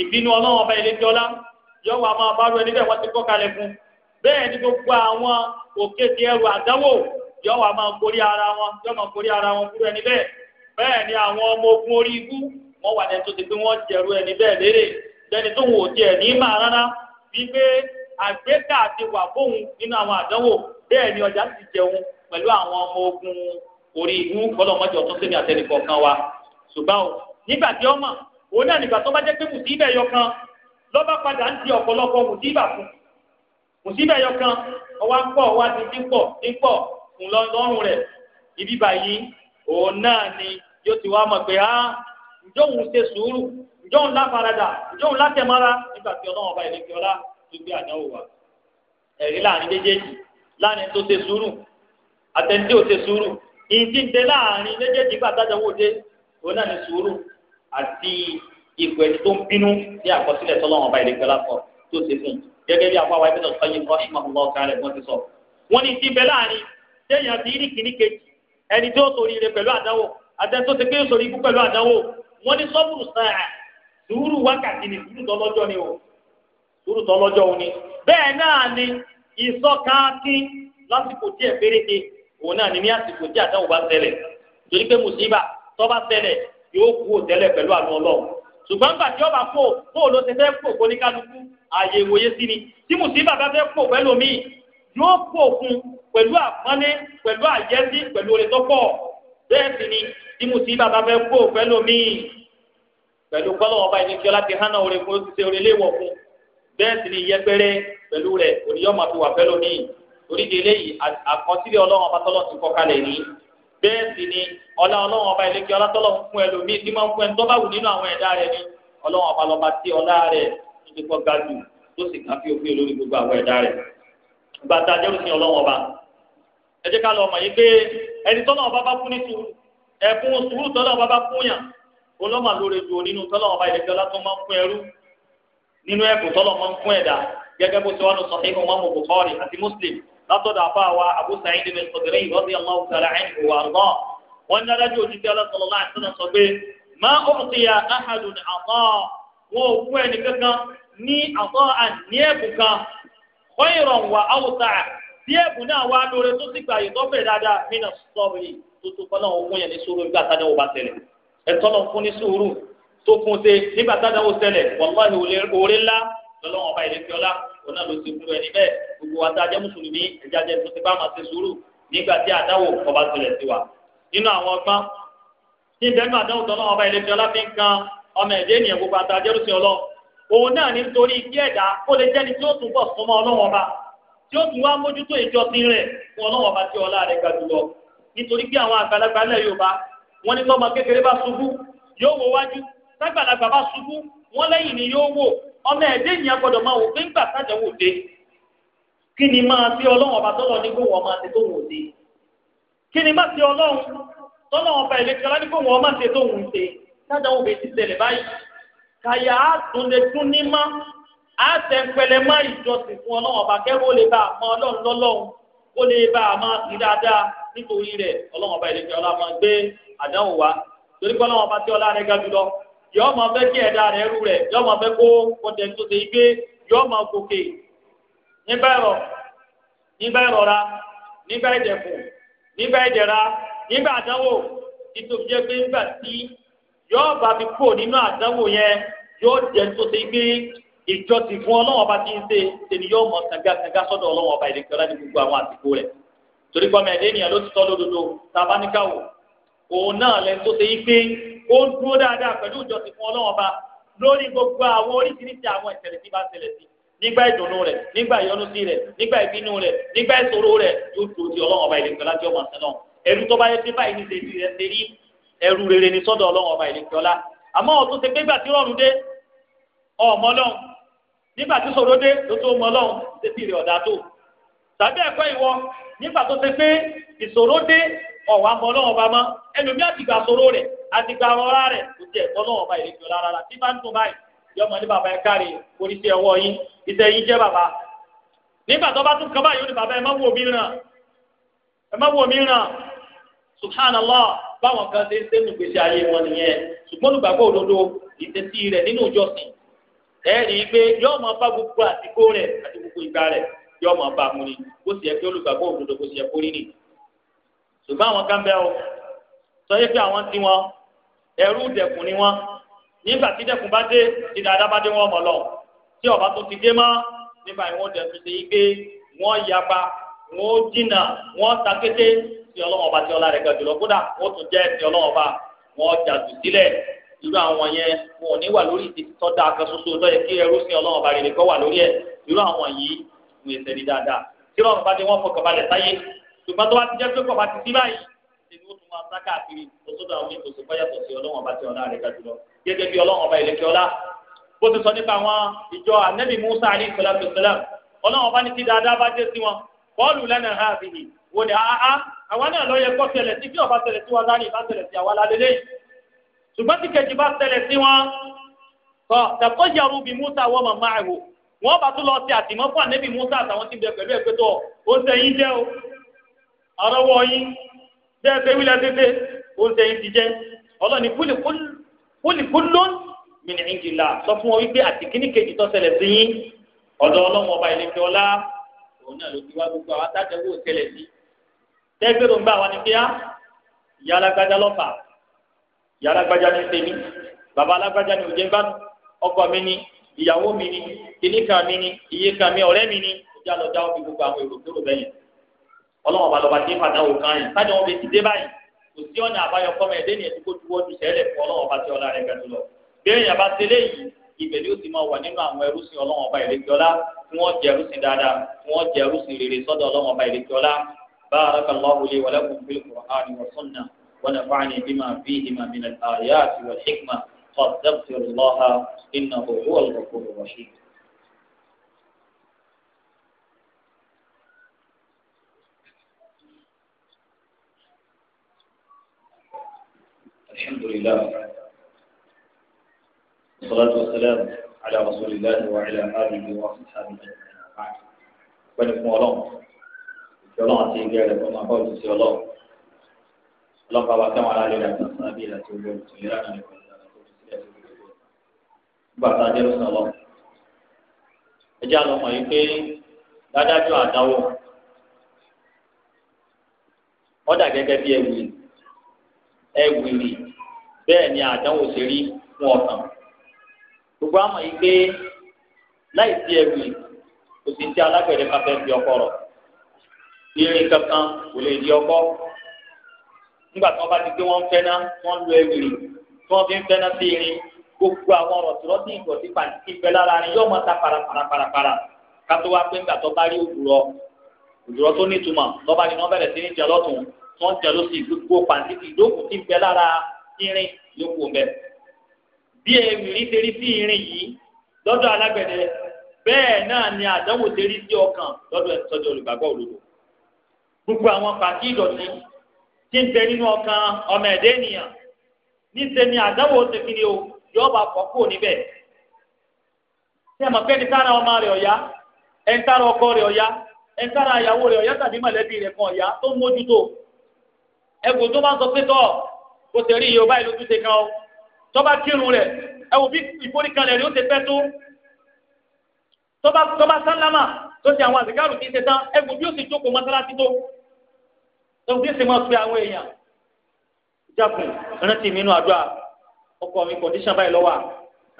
ìbínú ọlọ́wọ́n ọba ilé jọlá yọ wà máa bá rú ẹni bẹ́ẹ̀ wọ́n ti kọ́ kalẹ̀ fún bẹ́ẹ̀ ni gbogbo àwọn òkè ti ẹrù àdánwò yọ wà máa ara wọn yọ máa ẹni bẹ́ẹ̀ àwọn ọmọ ogun orí ibú wọn wà lẹ́nu tó ti ẹni bẹ́ẹ̀ lérè lẹ́ni tó wò ní mà rárá wípé àgbékà ti wà fóun nínú àwọn àdánwò bẹ́ẹ̀ ni ọjà ti jẹun pẹ̀lú àwọn ọmọ ogun orí ibú wa ṣùgbọ́n o nígbà tí ọmọ òun náà nígbà tó di fún kan ti okùn lọ́rùn rẹ̀ ibi báyìí òun náà ni yóò ti wá mọ̀ pé á ǹjọ́ òun ṣe sùúrù ǹjọ́ òun láfaradà ǹjọ́ òun látẹ̀mọ́ra nígbà tí ọlọ́run ọba ìlẹ́kẹ́ ọlá tó gbé àdánwò wá ẹ̀rí láàrin méjèèjì láàrin tó ṣe sùúrù àtẹ̀ǹdé ò ṣe sùúrù ìdí ń bẹ láàrin méjèèjì gbà tájọwọ́ dé òun náà ni sùúrù àti ipò ẹni tó ń bínú ní àkọsílẹ̀ tọ́lọ́run ọba ìlẹ́kẹ́ ọlá sọ téèyàn ti rí kìíní kejì ẹni tí ó sori rẹ pẹ̀lú àdánwò àtẹni tó ti pé sori ikú pẹ̀lú àdánwò wọ́n ní sọ́bùrù sáà sùúrù wákàtí ni sùúrù tọ́lọ́jọ́ ni o sùúrù tọ́lọ́jọ́ ni bẹ́ẹ̀ náà ni ìsọ́káàkí lásìkò díẹ̀ péréte òun náà ni ní àsìkò díẹ̀ àtàwọn bá ṣẹlẹ̀ torí pé mùsíbà tó bá ṣẹlẹ̀ yóò kú òtẹ́lẹ̀ pẹ̀lú àánú ọlọ́run ṣùgbọ́n gbà tí ọba pò bó ló ti fẹ́ pò kó ní kálukú ààyè ìwòye sí ni tí mùsíbà pẹ̀lú mi pẹ̀lú àpọ́nlé pẹ̀lú àjẹ́sí pẹ̀lú orin tó pọ̀ bẹ́ẹ̀ sì ni tí mo ti bàbá fẹ́ kó pẹ̀lú mi pẹ̀lú kọ́lọ́ ọba ẹni tí ọlá ti hánà orin fún ṣíṣe orin léwọ̀ fún bẹ́ẹ̀ sì ni yẹpẹrẹ pẹ̀lú rẹ̀ oníyọ́ máa fi wà pẹ̀lú mi oríṣi eléyìí àkọsílẹ̀ ọlọ́run ọba tọ́lọ́ ti kọkalẹ̀ ní bẹ́ẹ̀ sì ni ọlá ọlọ́run ọba ẹni tí ọlá tọ́lọ́ fún ẹ lómi tí máa ń ni ọlọ́run ọba lọ́ba tí ọlá rẹ̀ ti kọ́ ga jù tó sì kà fi òfin ọba ẹ jẹ́ ká lọ mọ̀ yìí pé ẹni tọ́lọ́ ọba bá kú ní sùúrù ẹ̀kún sùúrù tọ́lọ́ ọba bá kú yàn olọ́mà lóore ju onínú tọ́lọ́ ọba ìdẹ́gbẹ́ ọlá tó máa ń fún ẹrú nínú ẹ̀kún tọ́lọ́ máa ń fún ẹ̀dá gẹ́gẹ́ bó ṣe wà lọ sọ̀rọ̀ ìhùn mọ́mú Bukhari àti Muslim látọ̀dọ̀ àbá wa Abu Sa'id bin Khudri radiyallahu ta'ala anhu wa bí ẹ̀bùn náà wá lóore tó sì gbààyè tó bẹ̀rẹ̀ dáadáa nínú sọ́ọ̀bù yìí tó tó kọ́ náà òkun yẹn ní sùúrù nígbà tá dáwọ́ bá ṣẹlẹ̀ ẹ̀tọ́ náà fún ní sùúrù tó fún ṣe nígbà tá dáwọ́ ṣẹlẹ̀ wàláhì òré ńlá lọ́lọ́wọ́n ọba ìrètí ọlá òun náà ló ti kúrò ẹni bẹ́ẹ̀ gbogbo wa tá a jẹ́ mùsùlùmí ẹja jẹ́ tó ti bá máa ṣe sùúrù nígbà tí àdáwò ọba ṣẹlẹ̀ sí wa nínú àwọn ọgbọ́n tí bẹ́ẹ̀nu àdáwò tọ́lọ́wọ́n ọba ìrètí ọlá fi kan ọmọ ẹ̀dẹ́ ènìyàn gbogbo àtàjẹ́rùsìn ọlọ́ òun náà nítorí kí ẹ̀dá kó lè jẹ́ni tí ó túbọ̀ súnmọ́ ọlọ́wọ́n ọba tí ó tún wá mójútó ìjọsìn rẹ̀ fún ọlọ́wọ́n bá tí ọlá rẹ̀ ga jùlọ nítorí pé àwọn àgbàlagbà yóò Yorùbá wọn ní tọ́mọ kékeré bá ṣubú yóò wò wájú bá ṣubú wọn lẹ́yìn ni yóò wò ọmọ ẹ̀dẹ́ ìyẹn máa wò pé ńgbà dé kí ni máa tọ́lọ̀ ní kí ni má ti tọ́lọ̀ a tẹ pẹlẹ má ìjọsìn fún ọlọ́run ọba kẹ́rù ó lè bá a mọ ọlọ́run lọ́lọ́run ó lè bá a máa sí dáadáa nítorí rẹ̀ ọlọ́run ọba ìlẹ̀kẹ́ ọlá máa gbé àdánwò wá torí pé ọlọ́run ọba tí ọlá rẹ̀ ga jùlọ yọ ọmọ fẹ́ kí ẹ̀dá rẹ̀ rú rẹ̀ yọ ọmọ fẹ́ kó kọjá tó ṣe gbé yọ ọmọ gòkè nígbà ẹ̀rọ nígbà ìrọ̀ra nígbà ìdẹ̀kùn nígbà ìdẹ̀ra nígbà àdánwò nítorí jẹ́ pé nígbà tí yọ ọba fi kúrò ìjọ ti fún ọlọ́wọ́n bá ti ń ṣe ṣèlú yóò mọ kàngàkàngà sọ́dọ̀ ọlọ́wọ́n ọba ìdíkẹ́ ọlá ní gbogbo àwọn àsìkò rẹ̀ torí pé ọmọ ẹ̀dẹ́ ènìyàn ló ti sọ lódodo tabaníkàwò òun náà lẹ́nu tó ṣe yí pé ó ń dúró dáadáa pẹ̀lú ìjọ ti fún ọlọ́wọ́n bá lórí gbogbo àwọn oríṣiríṣi àwọn ìṣẹ̀lẹ̀ tí bá ń ṣẹlẹ̀ sí nígbà ìdùnnú rẹ̀ nígbà ìyọnúsí rẹ̀ nígbà ìbínú rẹ̀ nígbà ìṣòro rẹ̀ yóò dúró ti ọlọ́wọ́n ọba ìdíkẹ́ ọlá tí ó mọ̀ sẹ́nà ẹ̀rù tó bá yẹ sí báyìí ní ṣèṣì rẹ̀ ṣe rí ẹ̀rù rere ní sọ́dọ̀ ọlọ́wọ́n ọba ìdíkẹ́ ọlá àmọ́ ọ̀tún ṣe pé gbà tí rọrùn dé ọmọ ọlọ́run nígbà tí sọ̀rọ̀ dé ló tó mọ ọlọ́run tètè rẹ̀ ọ̀dà tó tàbí ẹ̀kọ́ ìwọ nígbà tó ṣe pé ìṣòro dé ọ̀wà mọ ọlọ́run ọba mọ́ ẹlòmíà ti gbà sọ̀rọ̀ rẹ̀ àti gbà ọ̀rá rẹ̀ kò tiẹ̀ tọ́ ọlọ́run ọba ìrètí ọ̀la rárá tí bá ń tún báyìí yọmọ ní bàbá ẹ káre oríṣi ọwọ́ yín iṣẹ́ yín jẹ́ bàbá nígbà tó bá tún kọ́ báyìí ní bàbá ẹ má wò mí ràn ẹ má wò mí ràn subhanallah báwọn kan ṣe ń ṣe nùgbèsè ayé wọn nìyẹn ṣùgbọ́n olùgbàgbọ́ òdodo ìtẹ́sí rẹ̀ nínú ìjọsìn ẹ̀rí pé yóò máa bá gbogbo àsìkò rẹ̀ àti gbogbo ìgbà rẹ̀ yóò máa bá a mú ni kó sì yẹ kí olùgbàgbọ́ òdodo kó sì yẹ kó rí ni. ṣùgbọ́n àwọn kan bẹ́ẹ̀ o sọ yẹ pé àwọn tí wọn ẹrú dẹkùn ni wọn nígbà tí dẹkùn bá dé ti dáadáa bá dé wọn mọ̀ lọ tí ọba tó ti dé mọ́ nígbà yìí wọ́n dẹ̀tún ṣe yí pé wọ́n yapa wọ́n jìnnà wọ́n takété ti ọlọ́wọ́n ọba ti ọlá rẹ̀ gàdúrà kódà wọ́n tún jẹ́ ti ọlọ́wọ́n ọba wọ́n jà tù sílẹ̀ irú àwọn yẹn wọn ò ní wà lórí ìtìtì tó dáa kan ṣoṣo tó yẹ kí ẹrú sin ọlọ́run bá rere kọ́ wà lórí ẹ̀ irú àwọn yìí wọ́n èsè rí dáadáa tí ọlọ́run bá dé wọ́n fọkàn balẹ̀ sáyé ṣùgbọ́n tó bá ti jẹ́ pé kọ̀ bá ti sí báyìí ṣèlú ó tún máa sá káàkiri òṣòdò àwọn ètò ìsìnkú yàtọ̀ sí ọlọ́run ọba tí ọlá rẹ̀ ga jùlọ gẹ́gẹ́ bí ọlọ́run ọba ìlẹ̀kẹ́ ọlá bó ti sọ nípa àwọn ìjọ anẹ́bí Musa alayhi salatu wassalam ọlọ́run ọba ní ti dáadáa bá dé sí wọn bọ́ọ̀lù lẹ́nu ha àbìyí wò ní àá àwa náà lọ yẹ kọ́ tẹ̀lẹ̀ sí bí ọba tẹ̀lẹ̀ sí wa láàrin ìbá tẹ̀lẹ̀ sí àwa lálẹ́lẹ́yìí ṣùgbọ́n tí kejì bá tẹ̀lẹ̀ sí wọn kọ tẹ̀kọ́ yàrá bí Musa wọ́n mọ̀ máa wò wọ́n bá tún lọ sí àtìmọ́ fún ànẹ́bí Musa àtàwọn tí ń bẹ pẹ̀lú ẹgbẹ́ tó ó ń sẹ́yìn jẹ́ o àrọ́wọ́ yín bẹ́ẹ̀ ṣe wílẹ̀ tètè ó ń sẹ́yìn ti jẹ́ ọlọ́ni kúlìkúlón min indillah sọ fún wọn wípé àtìkíní kejì tó ṣẹlẹ̀ sí yín ọ̀dọ̀ ọlọ́run ọba ilé ìyá alágbájá ní sẹ́mi alágbájá ní òjé gbádùn ọkọ mi ni ìyàwó mi ni kìnnìkan mi ni iye kan mi ọ̀rẹ́ mi ni ìjà lọ dáwọ́ fi gbogbo àwọn èrò kúrò bẹ́yẹn ọlọ́wọ́n bá lọ́ba dé fàdáwò kan yẹn sáyẹn wọn bẹ ti dé báyìí kò sí ọ̀nà àbáyọ kọ́mọ ẹ̀dẹ́ ni ẹ̀dúgbò tó wọ́n ju sẹ́lẹ̀ fún ọlọ́wọ́n bá ti ọ̀la rẹ̀ gàdú lọ bẹ́ẹ̀ yẹn bá ti léyìí ibẹ̀ ni ó ti máa wà nínú àwọn ẹrúsìn ọlọ́wọ́n ọba ìrètí ọlá tí wọ́n jẹ ẹrúsìn dáadáa tí wọ́n jẹ ẹrúsìn rere sọ́dọ̀ ọlọ́wọ́n ọba ìrètí ọlá barakallahu li wa lakum fil qur'ani wa sunnah ونفعني بما فيهما من الآيات والحكمة فاستغفر الله إنه هو الغفور الرحيم الحمد لله والصلاة والسلام على رسول الله وعلى آله وصحبه أجمعين. ونفهم الله. Ìjọba àti ìgbẹ́ rẹ̀ fún الله ọlọ́pàá wa táwọn aráàlú rẹ̀ àti ọ̀sán àbí ìlàtí olú olùtò yẹn láti lè pẹ̀lú ìlànà tó ti sílẹ̀ tó ti lè gbà tá a jẹ́ lọ́sàn lọ. yìí pé dádájọ́ àdáwọ̀ wọ́n dà gẹ́gẹ́ bí ẹ̀wìrì ẹ̀wìrì bẹ́ẹ̀ ni àdánwò ṣe rí fún ọ̀tàn. gbogbo àmọ̀ yìí pé láì sí ẹ̀wìrì kò sí ti alágbẹ̀dẹ ká fẹ́ fi ọkọ rọ̀ irin kankan kò lè di ọkọ nígbà tí wọ́n bá ti gbé wọ́n fẹ́ná wọ́n lu ewìrì tí wọ́n fi ń fẹ́ná sí irin gbogbo àwọn ọ̀rọ̀ tí wọ́n ti ìgbọ̀ sí pàǹtí ti bẹ lára ni yóò máa ta paraparapara ká tó wá pé nígbà tó bá rí òdùrọ̀ òdùrọ̀ tó nítumọ̀ lọ́ba ni wọ́n bẹ̀rẹ̀ sí ní jẹ lọ́tún tí wọ́n jẹ lọ́sì gbogbo pàǹtí ti ìdókòó ti bẹ lára irin yókù mẹ́. bí ewìrì ṣe rí sí irin yìí lọ́dọ̀ alágbẹ̀dẹ bẹ́ẹ̀ náà ni àdánwò ṣe rí sí ọkàn lọ́dọ̀ ẹ̀ tí ń bẹ nínú ọkàn ọmọ ẹ̀dẹ́ ènìyàn níṣẹ́ ni àdáwò ṣe fi ni o yọ ọba pọ̀ kúrò níbẹ̀. ṣé ẹ̀mọ̀ pé ẹni tára ọmọ rẹ̀ ọ̀yá ẹni tára ọkọ rẹ̀ ọ̀yá ẹni tára ìyàwó rẹ̀ ọ̀yá tàbí mọ̀lẹ́bí rẹ̀ kan ọ̀yá tó ń mójútó. ẹgbò tó máa ń sọ pé tọ́ kò sì rí yorùbá ìlú tó ṣe kan o tọ́ba kírun rẹ̀ ẹ wò bí ìforíkalẹ̀ rẹ̀ ó ṣe pẹ́ tó tọ́ba sálámà tó ṣe àwọn àzìkárù ti ṣe tán ẹgbò bí ó sì jókòó tó ń bí sì máa fi àwọn èèyàn jákun rántí mi nínú àdúrà ọkọ mi kọ̀díṣàn báyìí lọ́wọ́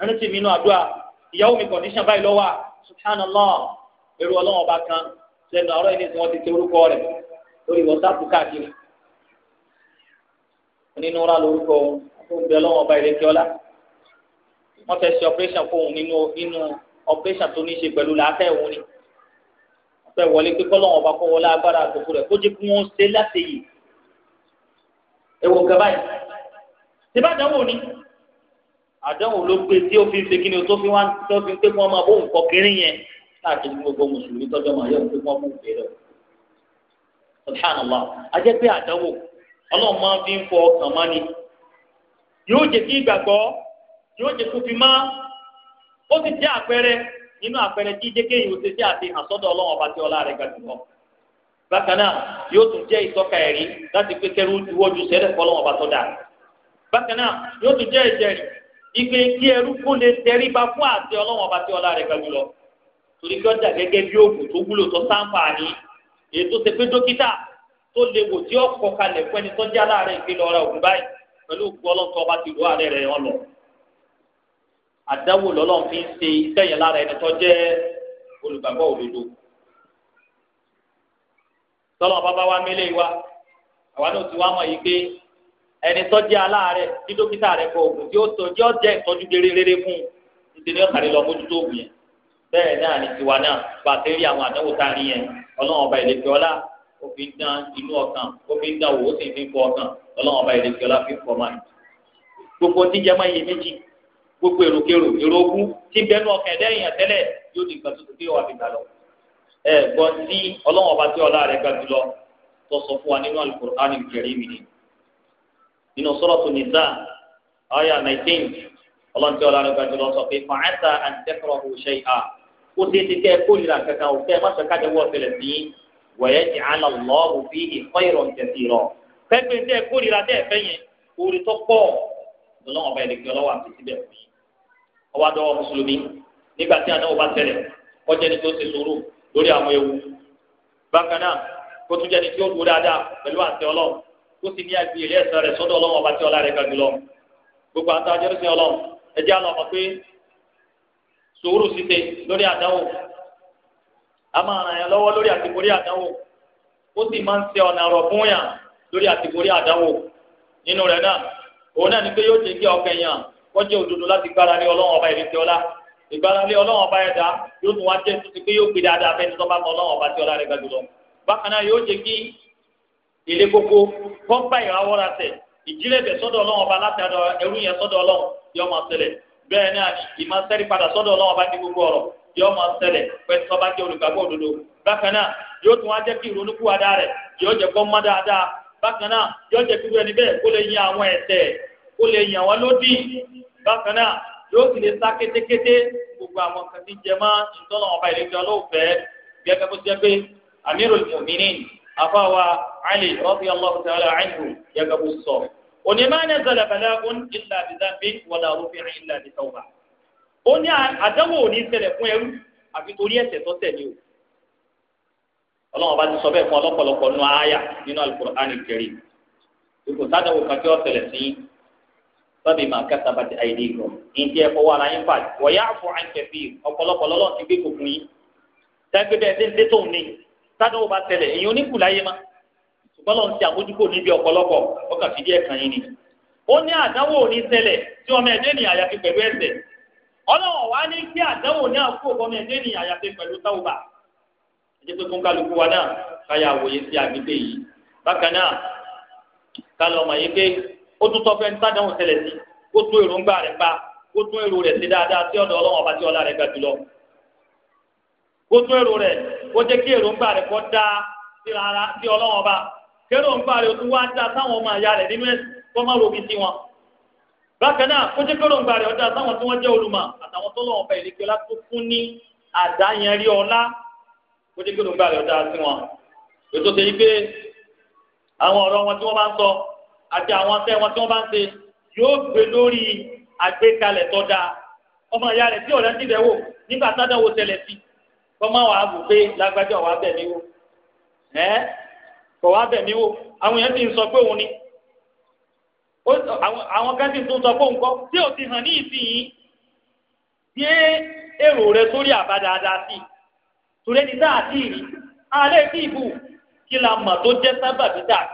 rántí mi nínú àdúrà ìyàwó mi kọ̀díṣàn báyìí lọ́wọ́ subhanallah ẹrú ọlọ́run ọba kan lẹ́nu ọ̀rọ̀ ẹni tí wọ́n ti tẹ orúkọ rẹ̀ lórí wọ́sáàpù káàkiri nínú ra lórúkọ tó ń bẹ ọlọ́run ọba ìrèké ọlá wọ́n fẹ́ ṣe operation fóun nínú operation tó ní í ṣe pẹ̀lú làákẹ́ òun fẹ́ wọlé pé kọ́lọ́wọ́n ọba kọ́ wọlé agbára àtòkù rẹ̀ kó jẹ́ kí wọ́n ṣe láti yìí ẹ̀wọ̀ nǹkan báyìí tìbá àdánwò ni àdánwò ló gbé tí ó fi ń ṣe kí ni tó fi wá tó fi ń pé wọn máa bóun kọ kiri yẹn káàkiri gbogbo mùsùlùmí tọjọ máa yọ pé wọn bóun bèrè o subhanallah a jẹ́ pé àdánwò ọlọ́run máa fi ń fọ ọkàn máa ni yóò jẹ́ kí ìgbàgbọ́ yóò jẹ́ kó fi má ó sì jẹ́ àpẹẹrẹ nínú àpẹẹrẹ tí jẹ́kẹ́ yìí ó ṣe sí àti àsọ́dọ̀ ọlọ́wọ́n ọba tí ọlá rẹ̀ ga jùlọ. bákan náà yóò tún jẹ́ ìtọ́ka ẹ̀rí láti pé kẹrù ìwọ́jú sẹ́lẹ̀ fọlọ́wọ́n ọba tó dáa. bákan náà yóò tún jẹ́ ìjẹ́rìí ipe kí ẹrú kó lè tẹríba fún àti ọlọ́wọ́n ọba tí ọlá rẹ̀ ga jùlọ. torí kí ọjà gẹ́gẹ́ bí oògùn tó wúlò tó sáǹfààní èyí tó ṣe pé dókítà tó lè wò tí ọkọ̀ kalẹ̀ fún ẹni tó jẹ́ aláàárẹ̀ ìgbélọ́ra ògùn báyìí pẹ̀lú ògùn ọlọ́ntọ́ ọba ti lù àárẹ̀ rẹ̀ wọn lọ àdáwò lọ́lọ́run fi ń ṣe iṣẹ́ yẹn lára ẹni tó jẹ́ olùgbàgbọ́ òdodo tọ́lọ́ bàbá wa mélé wa àwa náà ti wá mọ̀ yìí pé ẹni tó jẹ́ aláàárẹ̀ tí dókítà rẹ̀ kọ òògùn tí ó tọ́jú ọ̀jẹ̀ ìtọ́jú rere fún un nítorí ọ̀kàrí lọ mójútó òògùn yẹn bẹ́ẹ̀ náà ni tiwa náà bàtẹ́ rí àwọn àdánwò tá a rí yẹn ọlọ́run ọba ìlẹ́fẹ́ ọlá ó fi ń dán inú ọkàn ó fi ń dán òwò ó sì fi ń fọ ọkàn ọlọ́run ọba ìlẹ́fẹ́ ọlá fi ń fọ ọmọ rẹ̀ gbogbo tíjẹ́ máa yẹ méjì gbogbo èròkèrò èròkú tí bẹnu ọkẹ lẹ́yìn àtẹlẹ yóò di nǹkan tuntun tí yóò wà fi gbà lọ. ẹ gbọ́ sí ọlọ́wọ́n ọba tí ọlá rẹ̀ ga jùlọ tó sọ fún wa nínú Al-Qur'ani Al-Karim ni nínú Suratu Nisa àyà 19 ọlọ́run tí ọlá rẹ̀ ga jùlọ sọ pé fàáta àǹtẹ́kọ̀rọ̀ shay'a ó ti ti kẹ́ kórìíra kankan ò fẹ́ máṣe kájà wọ́ ọ̀fẹ́lẹ̀ sí wayaj'ala Allahu fihi khayran kathira fẹ́ẹ́ pé tẹ́ kórìíra tẹ́ fẹ́ yẹn ọwọ́ dọwọ mùsùlùmí nígbà tí ànáwó bá tẹ̀lẹ̀ kọjá ẹni tó ṣe sùúrù lórí àwọn ewu bákan náà kó tún jẹni tí ó dúró dáadáa pẹ̀lú àti ọlọ́run tó sì ní àgbè ilé ẹ̀sán rẹ̀ sọ́dọ̀ ọlọ́run ọba tí ọlá gbogbo àti ọmọ pé lórí a máa ràn lórí ó sì máa ń ṣe ọ̀nà ọ̀rọ̀ fún yàn lórí nínú náà òun náà ni kọjá òdodo láti gbára lé ọlọ́run ọba ìrètí ọlá ìgbára lé ọlọ́run ọba ẹ̀dá yóò tún wá jẹ́ tuntun pé yóò gbé dáadáa fẹ́ni tó bá mọ ọlọ́run ọba tí ọlá rẹ̀ gbàdúrà bákan náà yóò jẹ́ kí ilé gbogbo kọ́ńpá ìràwọ́ra tẹ̀ ìjírẹ̀bẹ̀ sọ́dọ̀ ọlọ́run ọba látàdọ̀ ẹrú yẹn sọ́dọ̀ ọlọ́run yóò máa ṣẹlẹ̀ bẹ́ẹ̀ náà ìmọ̀ sẹ́rí padà sọ́dọ̀ ọlọ́run ọba ní gbogbo ọ̀rọ̀ yóò máa ṣẹlẹ̀ pẹ̀lú ọba jẹ́ olùgbàgbọ́ òdodo bákan náà yóò tún wá jẹ́ kí ìrònúkúwàdà rẹ̀ kó lè yàn wọ́n lódì bákan náà yóò sì lè sá kétékété gbogbo àwọn kan tí jẹ mọ́ ìtọ́nà ọba ìlẹ́jọ́ lóòfẹ́ gẹ́gẹ́ bó jẹ́ pé amirul mu'minin afáwa ali radiyallahu ta'ala anhu gẹ́gẹ́ bó sọ. òní máa ń ní zalabala ń ilà bìtàbí wàlà rúfin ilà bìtàwà. ó ní àdánwò òní ṣẹlẹ̀ fún ẹrú àfi torí ẹ̀ṣẹ̀ tó tẹ̀lé o ọlọ́run bá ti sọ bẹ́ẹ̀ fún sábì máa kẹta bá ti àìdí ìgbọ ìdí ẹ̀fọ́ wà láyé fà wọ̀yá àfọ àǹkẹ́fì ọ̀pọ̀lọpọ̀ lọ́lọ́ ti gbé kòkun yìí tẹ́gbẹ́dẹ́ ẹ̀dẹ́ ńlẹ́ tó ní sádọ́wọ́ bá tẹ̀lẹ̀ èyí oníkù láyé ṣùgbọ́n lọ́n ti àmójúkò níbi ọ̀pọ̀lọpọ̀ yìí ni. ó ní ní tí ọmọ ẹ̀dẹ́ àyàfi pẹ̀lú wá ní kí ó tún tọ́fẹ́ ní sádẹ́hùn ṣẹlẹ̀ sí ó tún èròǹgbà rẹ̀ pa ó tún èrò rẹ̀ sí dáadáa sí ọ̀dọ̀ ọlọ́wọ́n ọba tí ọlá rẹ̀ ga jùlọ. ó tún èrò rẹ̀ ó jẹ́ kí èròǹgbà rẹ̀ kọ́ dá sí ọlọ́wọ́n ọba kéròǹgbà rẹ̀ ó tún wá dá sáwọn ọmọ àyà rẹ̀ nínú ẹ̀sìn kọ́ má robi sí wọn. bákan náà ó jẹ́ kéròǹgbà rẹ̀ ó dá sáwọn tí wọ́n jẹ́ olùmọ̀ àtàwọn tó lọ́wọ́ ọba ìlẹ́kẹ́ ọlá fún ní àdáyẹnrí ọlá ó jẹ́ kéròǹgbà rẹ̀ ó sí wọn. ètò tẹ̀yí pé àwọn ọ̀rọ̀ wọn tí wọ́n bá ń sọ àti àwọn afẹ́ wọn tí wọ́n bá ń ṣe yóò gbé lórí àgbékalẹ̀ tó dáa ọmọ ìyá rẹ̀ tí ọ̀rẹ́ ń dìdẹ́wò nígbà sádẹ́wò tẹ̀lẹ̀ sí kọ́mọ wà á bù pé lágbájá wà á bẹ̀ mí wò ẹ́ kọ̀ wà á bẹ̀ mí wò àwọn èèyàn ti ń sọ pé òun ni àwọn kan ti tún sọ pé òun kọ́ tí ò ti hàn ní ìsinyìí gbé èrò rẹ sórí àbá dáadáa sí i torí ẹni tá a ti rí alẹ́ kí ìbù kí la mọ̀ tó jẹ́ sábàbí tá a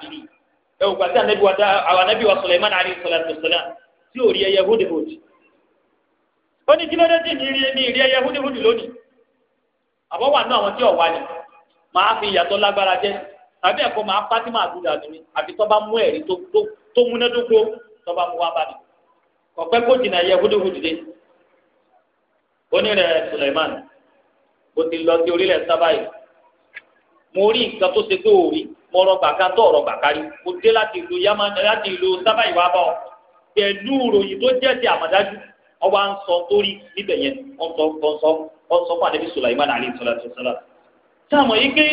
ẹ wò gbàtí anabi wa àwọn anabi wa Sulaiman alayhi salatu wasalam tí ò rí ẹyẹ húdìhúdì ó ní kílódé tí mi rí mi rí ẹyẹ húdìhúdì lónìí àbọ̀ wà nú àwọn tí ò wá ni màá fi ìyàtọ̀ lágbára jẹ tàbí ẹ̀kọ́ màá pátí màá dúdà mí àfi tọ́ bá mú ẹ̀rí tó múnádókó tọ́ bá mú wá bá mi ọ̀pẹ́ kó jìnnà ẹyẹ húdìhúdì dé onírẹ̀ Sulaiman bó ti lọ mo rọ gbàgá tó ọ̀rọ̀ gbàkárí mo dé láti ìlú yamá láti ìlú sábà ìwà bá ọ pẹ̀lú ròyìn tó jẹ́ ti àmọ̀dájú ọba ń sọ torí níbẹ̀ yẹn wọ́n sọ wọ́n sọ wọ́n sọ fún àdébí Sulaiman alayhi salatu wasalam. sáàmù yìí pé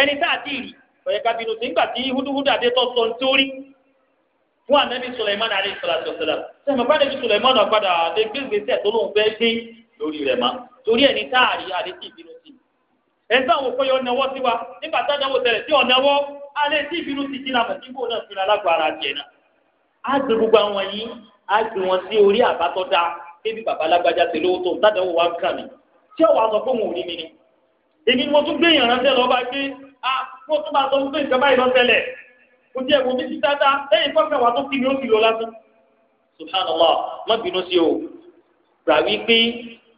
ẹni tá a ti rí ọ̀yẹ̀ kábínú sí nígbà tí húdúhúdú àdé tó sọ nítorí fún àdébí Sulaiman alayhi salatu wasalam. sáàmù bá àdébí Sulaiman padà àdé gbégbèsè tó lóun fẹ́ gbé lórí rẹ̀ mọ́ torí ẹni táwọn òkú yọ náwó sí wa nígbà táwọn òtẹ̀lẹ̀ tí ọ̀nàwó alẹ́ tí ìbínú ti jìnnà mọ̀ síbò náà fi lálágbó ara tiẹ̀ náà. á gbé gbogbo àwọn yìí á gbé wọn sí orí àbátọ́ dáa kébí bàbá alágbájá ti lówó tó ń tàdánwò wá ń kà mí tí ọ̀wà sọ fún òun mi ni. èmi ni mo tún gbé yàn lọ bá gbé subhanallah má bínú sí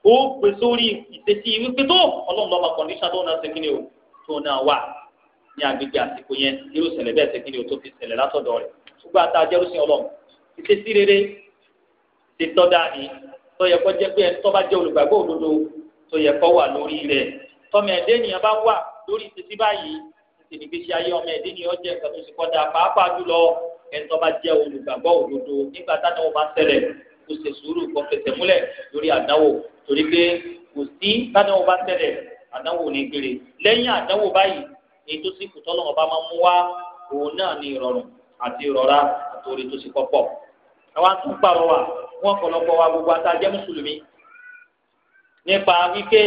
ó pè sórí ìṣesí wípé tó ọlọ́run lọ́ba kọ̀ǹdíṣà tó náà ṣe ni o tó náà wà ní agbègbè àsìkò yẹn irú ṣẹlẹ̀ bẹ́ẹ̀ ṣe kí ni o tó fi ṣẹlẹ̀ látọ̀dọ̀ rẹ̀ ṣùgbọ́n ata jẹ́rúsìn ọlọ́run ìṣesí rere ti tọ́ ni tó yẹ kó jẹ́ pé ẹni tó bá jẹ́ olùgbàgbọ́ òdodo tó yẹ kó wà lórí rẹ̀ tọ́mọ ẹ̀dẹ́ ènìyàn bá wà lórí ìṣesí báyìí ìṣèlúgbèsè ayé kó ṣe sùúrù kó fẹsẹ̀ múlẹ̀ lórí àdánwò torí pé kò sí tádánwò bá tẹ̀lẹ̀ àdánwò ní gbére lẹ́yìn àdánwò báyìí èyí tó sì kù tọ́lọ́ ọba máa mú wá òun náà ní ìrọ̀rùn àti ìrọ̀ra àtòrí tó sì kọ́pọ̀ àwa tún pàrọ̀ wà fún ọ̀pọ̀lọpọ̀ wa gbogbo àtàjẹ́ mùsùlùmí nípa wípé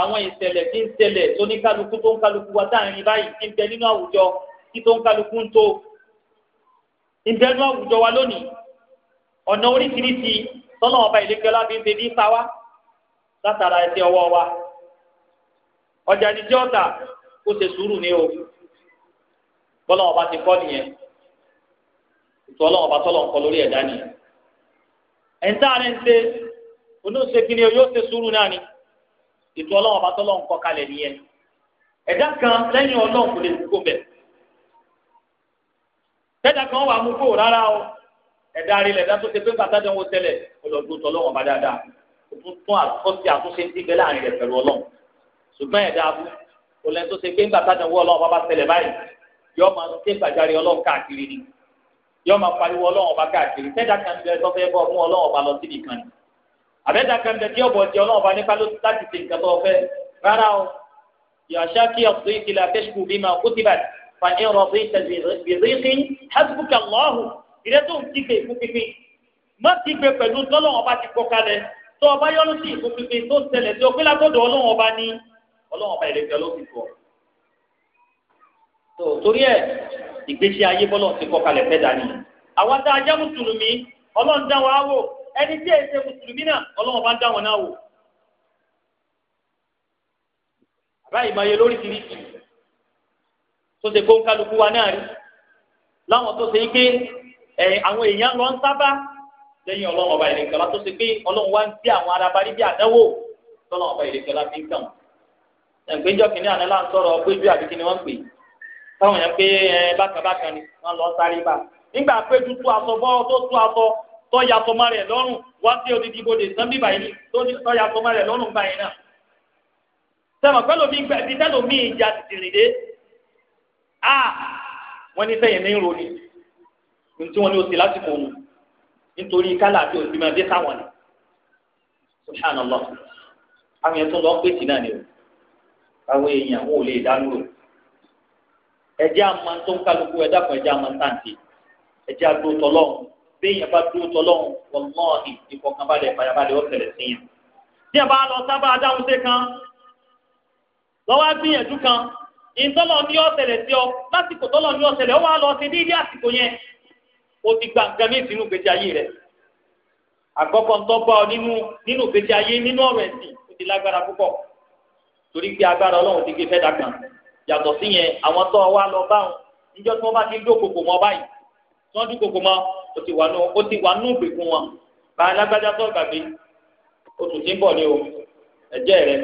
àwọn ìṣẹ̀lẹ̀ tí ń ṣẹlẹ̀ tó ní kálukú tó ń kálukú wa táàrin báyìí ti ń bẹ nínú àwùjọ tí tó ń kálukú ń tó ń bẹ nínú àwùjọ wa lónìí ọ̀nà oríṣiríṣi tọ́nà ọba ìlẹ́kẹ́lá fi ń ṣe ní sáwá látara ẹsẹ̀ ọwọ́ wa ọjà ní jọ́ta kó ṣe sùúrù ní o bọ́lá ọba ti kọ́ nìyẹn ètò ọlọ́wọ́n ọba tọ́lọ̀ nkọ lori lórí ẹ̀dá nìyẹn ẹ̀ńtà rẹ̀ ń ṣe oníṣe kí ni o yóò ṣe sùúrù ni ètò ọba tọ́lọ̀ nkọ kalẹ̀ nìyẹn ẹ̀dá kan lẹ́yìn ọlọ́run kò lè dúkò bẹ̀ kan wà mú kó rárá o. ẹ̀dá arílẹ̀ ẹ̀dá tó ṣe pé bàtà dánwò tẹ́lẹ̀ ọlọ́dún tọ́lọ́wọ́n bá dáadáa òtún tún àkọsí àtúnṣe ń dìgbẹ́ láàrin rẹ̀ pẹ̀lú ọlọ́run ṣùgbọ́n ẹ̀dá abú olè tó ṣe pé ń bàtà dánwò ọlọ́run bá bá tẹ́lẹ̀ báyìí yọ máa ké gbàjarè ọlọ́run káàkiri ni yọ máa pariwo ọlọ́run ọba káàkiri tẹ́jà kan bẹ tó fẹ́ bọ́ mú ọlọ́run ọba lọ síbi kan ni ìrẹ́ tó ń kígbe ìfúnpínpín má kígbe pẹ̀lú tọ́lọ́wọ́n bá ti kọ́ kalẹ̀ tó ọba yọ́nú sí ìfúnpínpín tó ṣẹlẹ̀ tí ọpẹ́ látọ̀dọ̀ ọlọ́wọ́n ọba ní ọlọ́wọ́n ọba ìrẹ́jọ ló ti kọ́ tó torí ẹ̀ ìgbésí ayé bọ́lọ̀ ti kọ́ kalẹ̀ fẹ́ dání àwa tá a jẹ́ mùsùlùmí ọlọ́run dá wa wò ẹni tí èyí ṣe mùsùlùmí náà ọlọ́run bá ń dá wọn náà wò báyìí máa yẹ lóríṣiríṣi tó ṣe kó ń kálukú wa náà rí láwọn tó ẹ̀ àwọn èèyàn lọ ń sábà lẹ́yìn ọlọ́run ọba ìlẹ̀kẹ́ ọlá tó ṣe pé ọlọ́run wá ń bí àwọn arábárí bí àdánwò tọ́lọ́run ọba ìlẹ̀kẹ́ ọlá fi ń kàn. ẹ̀gbẹ́jọ́ kìnìún àná là ń sọ̀rọ̀ péjú àbí kí ni wọ́n ń pè táwọn yẹn pé bákan bákan ni wọ́n lọ sáré bá. nígbà péjú tú aṣọ bọ́ tó tú aṣọ tó ya aṣọ márẹ̀ lọ́rùn wá sí odidi ibodè sàn bíbà yìí tó ya aṣọ márẹ̀ lọ́rùn báyìí náà. sẹ́wọ̀n pẹ́lú mi gbẹ tí wọ́n ní o ti lásìkò òun nítorí kálá àti òsì máa dé sáwọn ni subhanallah àwọn yẹn tó lọ pèsè náà ni o àwọn èèyàn wọn ò lè dá lóru ẹjẹ àmọ́ tó ń kálukú ẹ̀dá kan ẹjẹ àmọ́ tàǹtì ẹjẹ àdó tọlọ́run béèyàn bá dúró tọlọ́run wọlọọni ìfọkànbalẹ̀ ìfàyàbalẹ̀ ọsẹlẹ síyàn bí a bá lọ sábà dáhùn sí kan lọ́wọ́ gbìyànjú kan ìtọlọ ní ọsẹlẹ sí ọ lásìkò tọlọ ní ọsẹlẹ ó wà lọ dídí àsìkò yẹn o ti gba nǹkan ní ìsinú gbèsè ayé rẹ àkọ́kọ́ ń tọ́gbà ọ nínú nínú gbèsè ayé nínú ọ̀rọ̀ ẹ̀sìn o ti lágbára púpọ̀ torí pé agbára ọlọ́run ti gbé fẹ́ dàgbà yàtọ̀ sí yẹn àwọn tó wá lọ báwọn níjọ́ tí wọ́n bá ti ń dókòkò mọ́ báyìí tí wọ́n dókòkò mọ́ o ti wà nù o ti wà nù gbèkùn wọn bá alágbájá tó gbàgbé o tún ti ń bọ̀ ní o ẹ̀jẹ̀ rẹ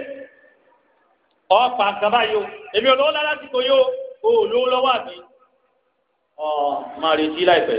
ọ̀pá kaba yìí o èmi ò lówó lálásìkò yìí o ò lówó lọ́wọ́ àbí ọ̀ máa retí láìpẹ́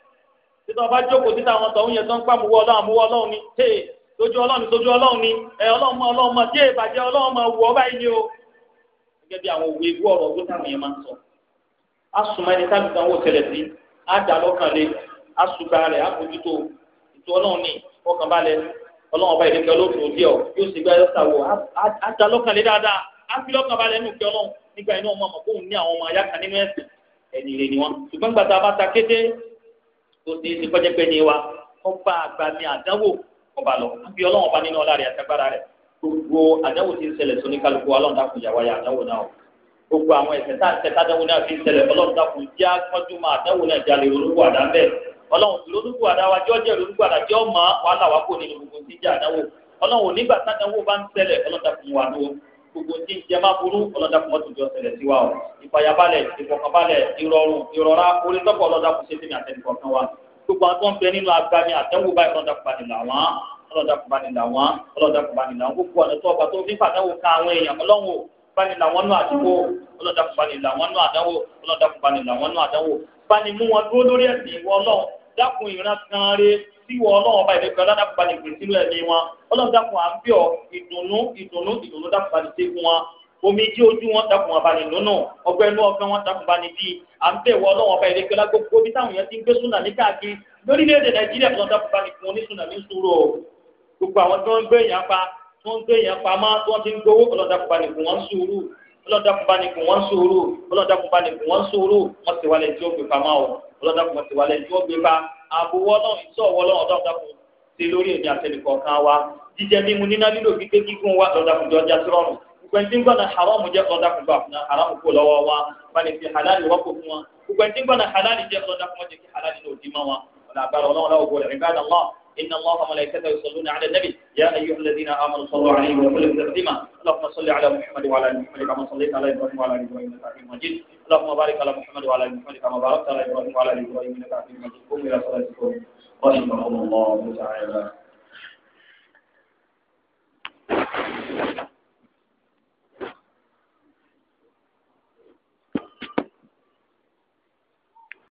títí ọba jókòó títí àwọn tọ̀hún yẹn tó ń pa mú wọ ọlọ́run àmú ọlọ́run ni hey lójú ọlọ́run lójú ọlọ́run ni ẹ ọlọ́run mọ ọlọ́run mọ tí ìbàjẹ́ ọlọ́run mọ wù ọ báyìí ni o. gẹ́gẹ́ bí àwọn òwe ewu ọ̀rọ̀ ọdún táwọn yẹn máa ń sọ. asùnmọ́ ẹni tábìlì kan wò tẹ̀lẹ̀ sí àdá lọ́kàn lé asùgbà rẹ̀ àbójútó ètò ọlọ́run ni ọkàn balẹ̀ ọlọ́run ọba ìdẹ́kẹ́ olóòtú òdì ọ̀ yóò sì gbá ẹ̀sà wò àdá lọ́kàn lé dáadáa á fi lọ́kàn balẹ̀ nù kí ọlọ́run nígbà inú ọmọ ọmọ kóun ní àwọn ọmọ ayáka nínú ẹ̀sìn ni wọn ṣùgbọ́n gbàtà bá ta tó ti ti kọjá pé ní wa wọ́n bá àgbà mi àdánwò wọ́n bá lọ bí ọlọ́wọ́n bá nínú ọlá rẹ̀ àtàgbára rẹ̀ gbogbo àdánwò ti ń ṣẹlẹ̀ sóní kálukú ọlọ́run dákun yà wáyà àdánwò náà gbogbo àwọn ẹ̀ṣẹ̀ tá à ń tẹ kádánwò náà fi ń ṣẹlẹ̀ ọlọ́run dákun jẹ́ akọ́jú máa àdánwò náà jalè olúkú àdá bẹ́ẹ̀ ọlọ́run olúkú àdá wa jọ́ jẹ́ olúkú àdá jọ́ máa wàhálà wa kò nínú gbogbo tí jẹ́ àdánwò ọlọ́run onígbà gbogbo tí ń jẹ máa burú ọlọ́dàkùn mọ́tò jọ ṣẹlẹ̀ sí wa o ìfàyàbalẹ̀ ìfọkànbalẹ̀ ìrọ̀rùn ìrọ̀ra orí tọ́pọ̀ ọlọ́dàkùn ṣe tèmi àtẹnukọ̀ kan wa gbogbo àwọn tó ń bẹ nínú agbami àtẹ̀wò báyìí ọlọ́dàkùn bá nílò àwọn ọlọ́dàkùn bá nílò àwọn ọlọ́dàkùn bá nílò àwọn gbogbo ọ̀nà tó ọba tó fi fàdánwò ka àwọn èèyàn ọlọ́wọ́ banila wọn nù àdánwò ọlọ́dàkùn banila wọn nù àdánwò ọlọ́dàkùn banila wọn nù àdánwò bani mú wọn dúró lórí ẹ̀sìn ìwọ ọlọ́run dákun ìran kan rèé tí wọn ọlọ́wọ́n bá ìlẹ́kọ̀ọ́ ládàpọ̀ balẹ̀ gbé sínú ẹ̀mí wọn ọlọ́run dàpọ̀ à ń bíọ̀ ìdùnnú ìdùnnú ìdùnnú dàpọ̀ balẹ̀ dé fún wọn omi jí ojú wọn dàpọ̀ wọn balẹ̀ lónà ọgbẹ́ inú ọgbẹ́ wọn dàpọ̀ balẹ̀ bí à ń bẹ̀ wọ ọlọ́wọ́n bá ìlẹ́kọ̀ọ́ lágbógbó bí táwọn yẹn ti ń gbé súnà ní káàkiri lórílẹ̀‐èdè nàìjíríà tó ń dàpọ̀ balẹ̀ fún oníṣúnà ní sùúrù gbogbo àwọn tó ń gbé èèyàn pa tó ń gbé èèyàn pa máa tó ń ti ń gbowó ọlọ́dàpọ̀ balẹ̀ fún wọn sùúrù ọlọ́dàkùnbánikùn wọ́n sòrò ọlọ́dàkùnbánikùn wọ́n sòrò wọ́n ti wálé tí ó gbé pamọ́ ọ ọlọ́dàkùnbánikùn wálé tí ó gbé pa àbúwọ́ náà ìtọ́ ọ̀wọ́ lọ́wọ́ dọ́kítàkùn ṣe lórí èmi àtẹnìkọ̀ọ̀kan wa jíjẹ mímu níná nílò gbígbé gígùn wa dọ́kítàkùn jọ já sírọ̀rùn gbogbo ẹni gbọ́dọ̀ haramu jẹ́ dọ́kítàkùn bá fún haramu kó lọ́wọ́ wa balẹ̀ fi halali wọ́pò fún wa gbogbo ẹni gbọ́dọ̀ halali jẹ́ dọ́kítàkùn jẹ́ kí halali ní òdì mọ́ wa ọ̀là àgbàrá ọlọ́run láwùjọ rẹ̀ ìbáraẹ̀ إن الله وملائكته يصلون على النبي يا أيها الذين آمنوا صلوا عليه وسلموا تسليما اللهم صل على محمد وعلى آل محمد كما صليت على إبراهيم وعلى آل إبراهيم إنك حميد مجيد اللهم بارك على محمد وعلى آل محمد كما باركت على إبراهيم وعلى آل إبراهيم إنك حميد مجيد قم إلى صلاتكم رحمكم الله تعالى